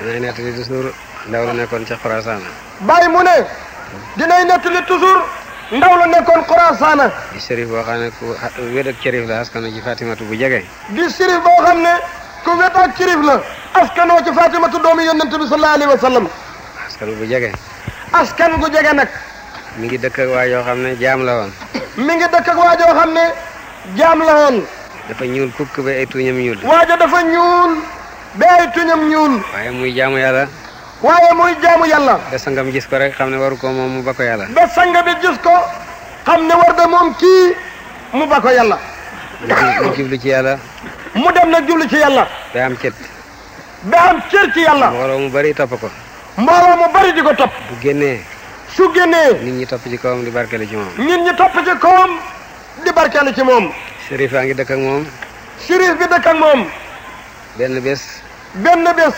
danay nettali di suur ndaw lu ca Xurasaan. bàyyi mu ne. dinay nettali toujours ndaw la nekkoon Xuraasaan. di Cherif boo xam ne ku ah, wet ak Cherif la askanoo ci Fatimatu bu jege. di Cherif boo xam ne ku wet ak Cherif la askanoo ci Fatimatu doomu yonent bi sallallahu alayhi wa sallam. askan bu jege. askan gu jege nag. mi ngi dëkk ak waa yoo xam ne jaam la woon. mi ngi dëkk ak waa joo xam ne jaam la woon. dafa ñuul kukk ba ay tuñam ñuul. waajo dafa ñuul ba ay tuñam ñuul. waaye muy jaamu yàlla. waaye muy jaamu yàlla. nga sangam gis ko rek xam ne waru ko moom mu ba ko yàlla. ba nga bi gis ko xam ne war da moom kii mu ba yàlla. mu jublu ci yàlla. mu dem na jublu ci yàlla. ba am cër. ci yàlla. mbooloo mu bari topp ko. mbooloo mu bari di ko topp. bu génnee. su génnee. nit ñi topp ci kawam di barkeelu ci moom. nit ñi a ngi dëkk ak moom. shérif bi dëkk ak moom. benn bés. benn bés.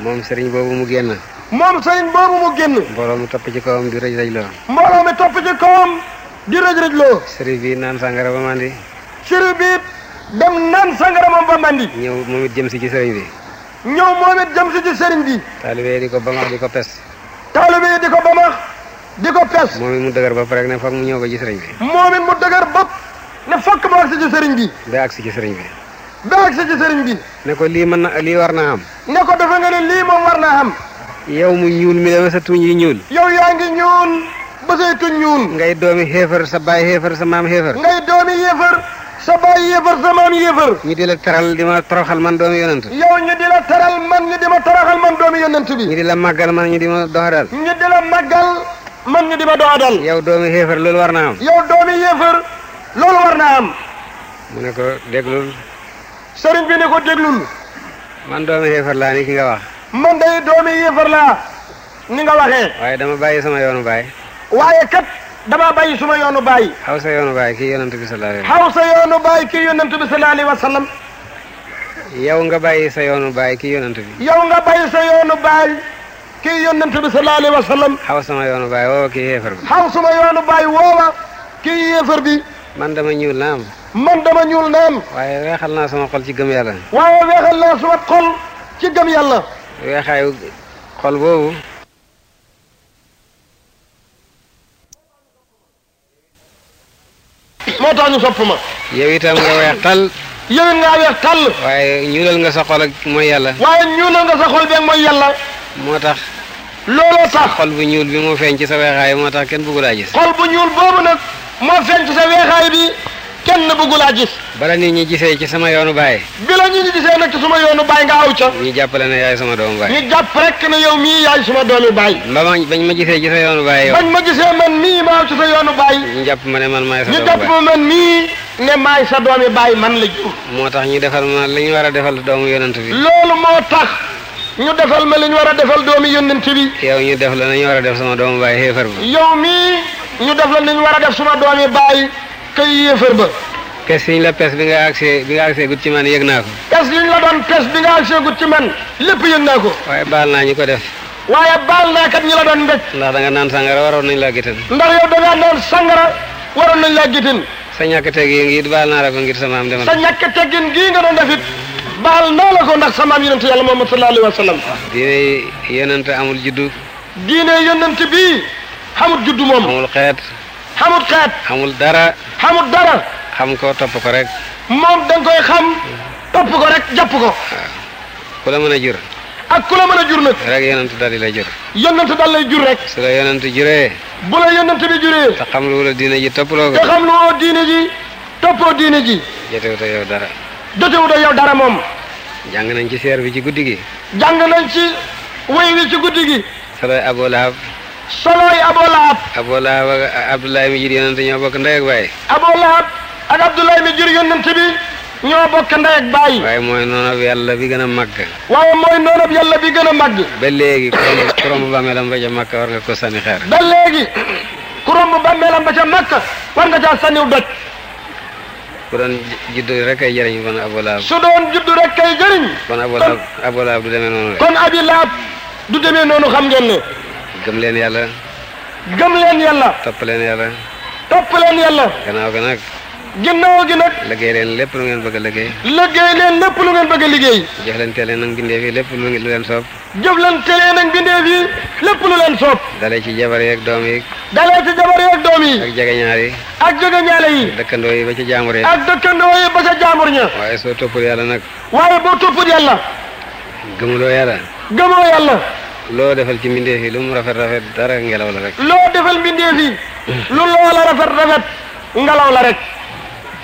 moom sëriñ boobu mu génn. moom sëriñ boobu mu génn. mbooloo mi topp ci kawam di rëj rëj loo. mbooloo mi topp ci kawam di rëj rëj loo. sëriñ bi naan sàngara ba mandi. sëriñ bi dem naan sàngara moom ba mandi. ñëw moom it jëm si ci sëriñ bi. ñëw moom it jëm si ci sëriñ bi. taalibe di ko bamax di ko pes. taalibe di ko bamax di ko pes. moom it mu dëgër bopp rek ne foog mu ñëw ba ci sëriñ bi. moom it mu dëgër bopp ne fokk mu agsi ci sëriñ bi. ba agsi ci sëriñ bi. ba ak si ci sëriñ bi. ne ko lii man na lii war naa am. ne ko dafa nga ne lii moom war naa am. yow mu ñuul mi dama sa tuñ yi ñuul. yow yaa ngi ñuul ba say tuñ ñuul. ngay doomi xeefar sa baay xeefar sa maam xeefar. sa baay yéefar sa maam ñu di la taral di ma toroxal man doomi yonent. yow ñu di la taral man ñu di ma toroxal man doomi yonent bi. ñu di la màggal man ñu di ma doxa dal. ñu di la màggal man ñu di ma doxa dal. yow doomi xeefar loolu war naa am. yow doomi yéefar loolu war naa am. mu ne ko déglul. sëriñ bi ne ko déglul. man doomi yéefar laa ni ki nga wax. man day doomi yéefar laa ni nga waxee. waaye dama bàyyi sama yoonu baay. waaye kat dama bàyyi suma yoonu baay. xaw sa yoonu baay kii yonent bi sallallahu alayhi wa sallam. sa yoonu baay kii yonent bi sallallahu alayhi wa yow nga bàyyi sa yoonu baay kii yonent bi. yow nga bàyyi sa yoonu baay. kii yonent bi sallallahu alayhi wa sallam. yoonu baay woowa kii yéefar bi. xaw sama yoonu baay woowa kii yéefar bi. man dama ñuul naam. man dama ñuul naan. waaye weexal naa sama xol ci gëm yàlla. waaye weexal naa sama xol ci gëm yàlla. weexaayu xol boobu. moo tax ñu sopp ma. yow nga weex tal. yow it ngaa weex nga sa xol yàlla. waaye ñuulal nga sa xol beeg mooy yàlla. moo tax. looloo tax xol bu ñuul bi moo feeñ ci sa weexaay moo tax kenn bëggu laa xol bu ñuul boobu nag moo feeñ ci sa weexaay bi. kenn bëggu laa gis bala nit ñi gisee ci sama yoonu baay bi la nit ñi gisee nag ci sama yoonu baay nga aw ca ñu jàppale ne yaay sama doomu baay ñu jàpp rek ne yow mii yaay sama doomu baay ba ma bañ ma gisee ci sa yoonu baay yow bañ ma gisee man mii ma aw ci sa yoonu baay ñu jàpp ma ne man maay sa doomu baay ñu jàpp ma man mii ne maay sa doomi baay man la jur moo tax ñu defal ma li ñu war a defal doomu yonent bi loolu moo tax ñu defal ma li ñu war a defal doomi yonent bi yow ñu def la ñu war a def sama doomu baay xéefar ba yow mii ñu def la ñu war a def sama doomi baay tey yéefar ba pes yi ñu la pes bi nga agsee bi nga agsee ci man yëg naa ko pes yi ñu la doon pes bi nga agsee gut ci man lépp yëg naa ko waaye baal naa ñu ko def waaye baal naa kat ñi la doon mbéj ndax da nga naan sangara waroon nañ laa gitin ndax yow da ngaa naan sangara waroon nañu laa gitin sa ñàkk teggin gi baal naa la ko ngir samaam demal sa ñàkk teggin gii nga doon def it baal naa la ko ndax samaam yonente yàlla Muhammad sallallahu alayhi wa sallam diine yonente amul juddu diine yonente bii xamul juddu moom amul xeet xamut xeet. xamul dara. xamut dara. xam ko topp ko rek. moom da koy xam. topp ko rek jàpp ko. ku la mën a jur. ak ku la mën a jur nag. rek yonent daal di lay jur. yonent daal lay jur rek. su la yonent juree. bu la yonent bi juree. te xam lu la diine ji toppaloo ko. diine ji toppoo diine ji. jotewut yow dara. jotewut yow dara moom. jàng nañ ci seer bi ci guddi gi. jàng nañ ci woy wi ci guddi gi. soloy Abu Lahab solooy Abu Lahab Abu Lahab ak Abdoulaye mi jur yonent ñoo bi ñoo bokk baay waaye mooy noonab bi gën a màgg waaye mooy noonab yàlla bi gën a màgg ba léegi ku romb bàmmeelam ba ca Makka war nga ko sànni xeer ba léegi ku romb ba ca Makka war nga caa sànniw doj su doon juddu rek kay kon Abu Lahab du demee noonu kon Abu Lahab du demee noonu xam ngeen gëm leen yàlla. gëm leen yàlla. topp leen yàlla. topp leen yàlla. gannaaw ga nag. ginnaaw gi lépp lu ngeen bëgg a liggéey. liggéey leen lu ngeen bëgg a liggéey. jëflante leen nag bindeef yi lépp lu len soob. jëflante leen nag bindeef yi lépp lu leen soob. dalee ci jabar yi ak doom yi. dalee ci jabar yi ak doom yi. ak jegeñaale yi. ak yi. ba ca jaamur yi. ak dëkkandoo ba ca jaamur ña. waaye soo toppul yàlla nag. waaye boo toppul yàlla. gëmuloo yàlla. loo defal ci mbindeef yi lu mu rafet rafet dara ngelaw la rek. loo defal mbindeef yi. lu loola rafet rafet ngelaw la rek.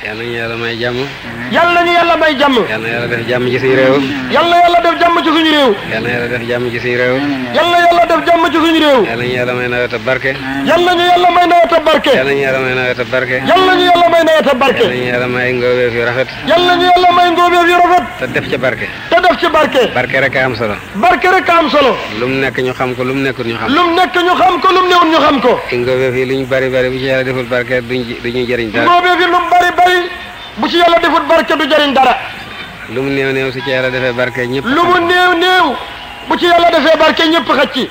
yal nañu yàlla may jàmm. yal nañu yàlla may jàmm. yal na yàlla def jàmm ci suñu réew. yal na def jàmm ci suñu réew. yàlla def jàmm ci suñu réew. yal nañu yàlla may nawet a barke. yal nañu yàlla a barke. a a a a am solo. lu mu nekk ñu xam ko lu mu ñu xam ko. lu mu nekk ñu xam ko lu mu newul ñu xam ko. ngóobeef yi lu ñu bari bari bu ci yàlla deful barke du jëriñ dara. lu mu néew néew su yàlla defee barke ñëpp. lu mu néew bu ci yàlla defee barke ñëpp xaj ci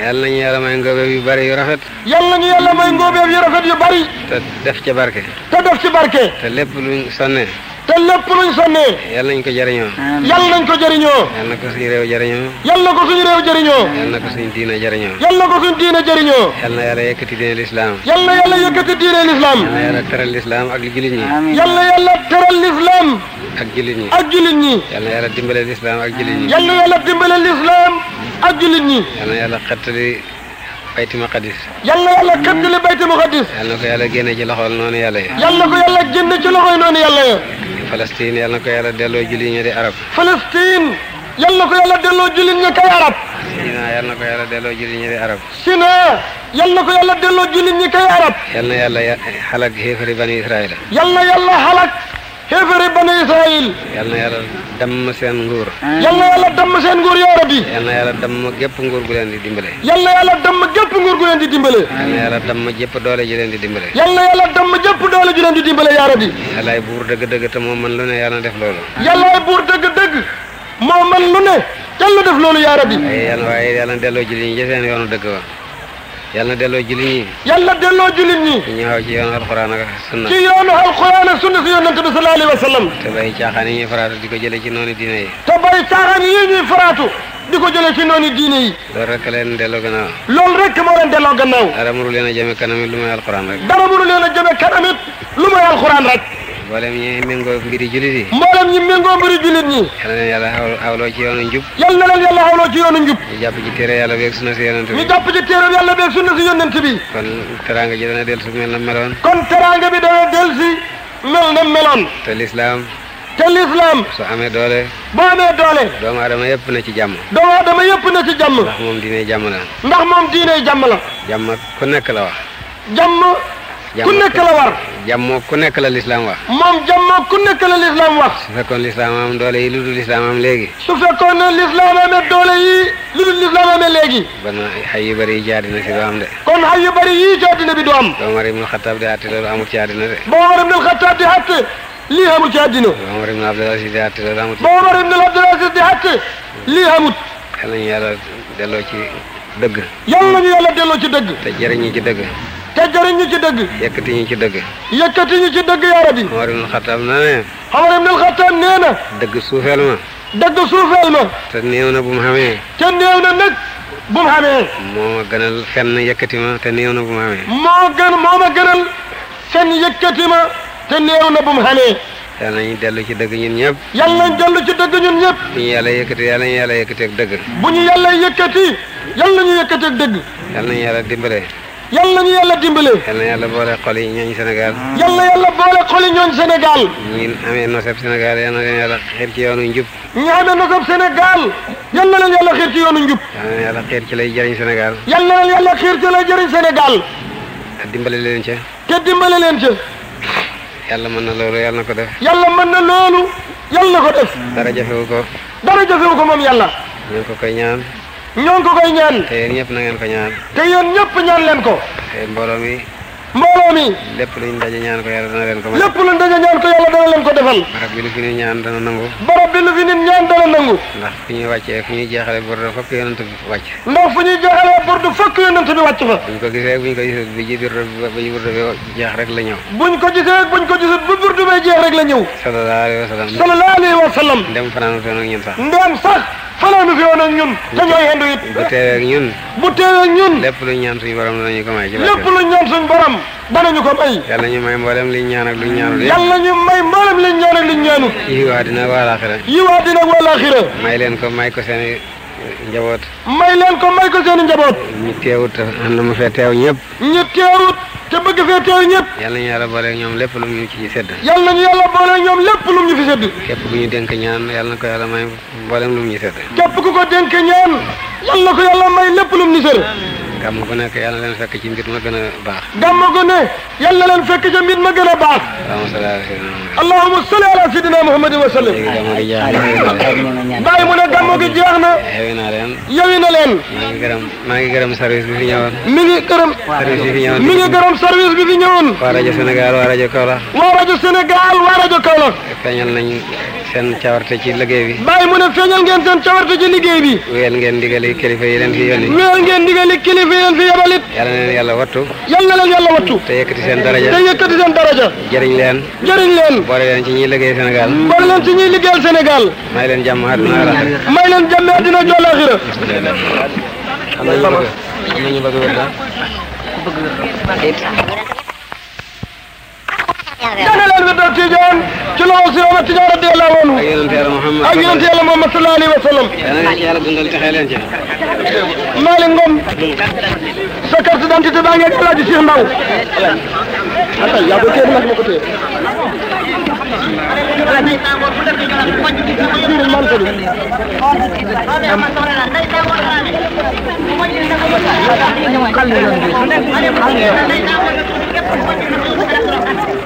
yàlla nañu may ngóobeef yu bari yu rafet yàlla nañu yàlla may ngóobeef yu rafet yu bari te def ci barke te def ci barke te lépp luñ sonnee te lépp luñ sonnee. ko jëriñoo. yal nañ ko jëriñoo. yal na ko suñu réew jëriñoo. yal na ko suñu réew jëriñoo. yal na ko suñu diina jëriñoo. yal na ko suñu diina jëriñoo. yal na yàlla yëkkati teral lislaam ak jullit ñi. yal na teral lislaam. ak jullit ñi. ak jullit ñi. yal ak jullit ñi. bayti maqadis yal na yàlla xettali bayti maqadis yal na ko yàlla génne ci loxol noonu yàlla ya yal na ko yàlla génne ko yàlla delloo julli ñi kay arab Sina yal ko yàlla delloo julli ñi kay arab yal na yàlla xalak bani Israila yal na yàlla xéefari bani Israël. yal na yàlla damm seen nguur. yal na yàlla damm seen nguur yal damm gépp nguur gu leen di dimbale. yal na yàlla damm gépp nguur gu leen di dimbale. yal na yàlla damm jëpp doole ji leen di dimbale. yal na yàlla damm jëpp doole ji leen di dimbale yaa rabbi. yàllaay buur dëgg-dëgg moo mën lu ne yàlla def loolu. yaa rabbi. waaye yàlla waaye yàlla delloo ji li ñu seen yoonu dëgg wa yàlla na delloo jullit ñi. yàlla delloo jullit ñi. ci ñaaw ci yoonu alxuraan ak sunna. ci yoonu alxuraan ak sunna si yonent bi sallallahu alayhi wa sallam. te bàyyi faraatu di ko jëlee ci noonu diine yi. te bàyyi caaxaan yi faraatu di ko jëlee ci noonu diine yi. loolu rek leen delloo gannaaw. loolu rek moo leen delloo gannaaw. dara mënu leen a jëme kanam it lu a jëme rek. mboolem ñi méngoo mbiri jullit mbiri jullit ñi yal na leen ci yoonu njub yal na leen ci yoonu njub ñu jàpp ci téere yàlla beeg sunna si yonent bi ñu jàpp ci ji dana dellu si mel na meloon kon teraanga bi dana dellu si mel na meloon te lislaam te lislaam su amee doole boo amee doole doomu adama yëpp na ci jàmm doomu adama yëpp na ci jàmm ndax moom diine jàmm la ndax moom diine jàmm la jàmm ku nekk la wax jàmm ku nekk la war. jàmmoo ku nekk la lislaam wax. moom jàmmoo ku nekk la lislaam wax. su fekkoon am doole yi lu dul lislaam am léegi. su fekkoon ne lislaam amee doole yi lu dul lislaam amee léegi. ban xay yu bëri yi ci àddina si du am de. kon xay yu bëri yii ci bi du am. ba Omar ibn di àtte loolu amul ci àddina de. ba Omar ibn Xataab di àtte lii amul ci àddina. ba Omar di àtte loolu amul. ba Omar delloo dëgg. yal ci dëgg. te jëriñu ci dëgg. te jariñ ñu ci dëgg yëkkati ci dëgg yëkkati ñu ci dëgg na ne Omar ibn Khattab nee na dëgg suufeel ma dëgg suufeel ma te néew na bu mu te néew na nag bu mu xamee moo ma gënal fenn yëkkati ma te néew na bu mu xamee nañu dellu ci dëgg ñun ñëpp yal nañ dellu ci dëgg ñun ñëpp bu ñu yàlla yëkkati yal nañu dëgg bu ñu yàlla yëkkati yal nañu yëkkati ak dëgg yal nañu yàlla dimbale yal na ñu yàlla dimbale. yal na yàlla boole xol yi ñooñu Sénégal. yal na yàlla boole xol yi ñooñu Sénégal. ñi amee noseb Sénégal yal na leen yàlla xeer ci yoonu njub. ñi amee noseb Sénégal yal na leen yàlla xeer ci yoonu njub. yal na leen yàlla xeer ci lay jëriñ Sénégal. yal na leen yàlla xeer ci lay jëriñ Sénégal. dimbale leen ca. te dimbale leen ca. yàlla mën na loolu yàlla na ko def. yàlla mën na loolu yàlla na ko def. dara jafewu ko. dara jafewu ko moom yàlla. ñu ngi ko koy ñaan. ñoo ko koy ñaan. te yéen ñëpp na ngeen ko ñaan. te yéen ñëpp ñaan leen ko. te mbooloo mi. mbooloo mi. lépp luñ daje ñaan ko yàlla dana leen ko. lépp luñ daje ñaan ko yàlla dana leen ko defal. barab bi lu fi nit ñaan dana nangu. barab bi lu fi nit ñaan dana nangu. ndax fu ñuy wàccee fu ñuy jeexalee burdu fokk yonent bi wàcc. ndax fu ñuy jeexalee burdu fokk yonent bi wàcc fa. buñ ko gisee buñ ko gisut bi ji burdu bi burdu jeex rek la ñëw. buñ ko gisee buñ ko gisut bu burdu bi jeex rek la ñëw. sallallahu alayhi fanaan fi woon ak ñun. te ñooy hindu it. bu teewee ak ñun. bu teewee ak ñun. lépp lu ñaan suñu borom danañu ko may. lépp lu ñaan suñu borom danañu ko may. yàlla ñu may mboolem liñ ñaan ak luñ ñaanul. yàlla ñu may mboolem liñ ñaan ak liñ ñaanul. may leen ko may ko seen njaboot. may leen ko may ko seen njaboot. ñi teewut am na mu teew ñëpp. ñi teewut. te bëgg fee teew ñëpp. yal nañu yàlla booleeg ñoom lépp lu ñu ci sedd. yal nañu yàlla booleeg ñoom lépp lu ñu fi sedd. képp ku ñu dénk ñaan yal ko yàlla may mboolem lu mu ñu sedd. képp ku ko dénk ñaan yal ko yàlla may lépp lu ñu sedd. gàmm gu nekk yàlla na leen fekk ci mbir ma gën a baax. gàmm gu ne yàlla na leen fekk ci mbir ma gën a baax. allahumma salli ala sayyidina muhammadin wa sallim. bàyyi mu gi jeex na. yewi na leen. yewi na leen. maa ngi gërëm maa ngi gërëm service bi fi ñëwoon. mi ngi gërëm. service bi fi ñëwoon mi ngi gërëm service bi fi ñëwoon. waa rajo Sénégal waa rajo feeñal nañ seen cawarte ci liggéey bi. bàyyi mu ne feeñal ngeen seen cawarte ci liggéey bi. wéyal ngeen ndigali kilifa yi leen fi yónni. wéyal ngeen yàlla wattu yal na leen yàlla wattu te yëkkati seen daraja te yëkkati seen daraja leen jëriñ leen boole leen ci ñuy liggéey Sénégal boole leen ci ñuy liggéeyal Sénégal may leen jàmm àddina alaxira may leen jàmm àddina jool axira am na ñu bëgg am na jàngal leen wirdu Tijaan ci loxo si Ahmad Tijaan radiyallaahu anhu ak yonent yàlla Muhammad sallallaahu alayhi wa sallam Malick Ngom sa carte d'identité baa ngeeg Alaaji Cheikh Ndaw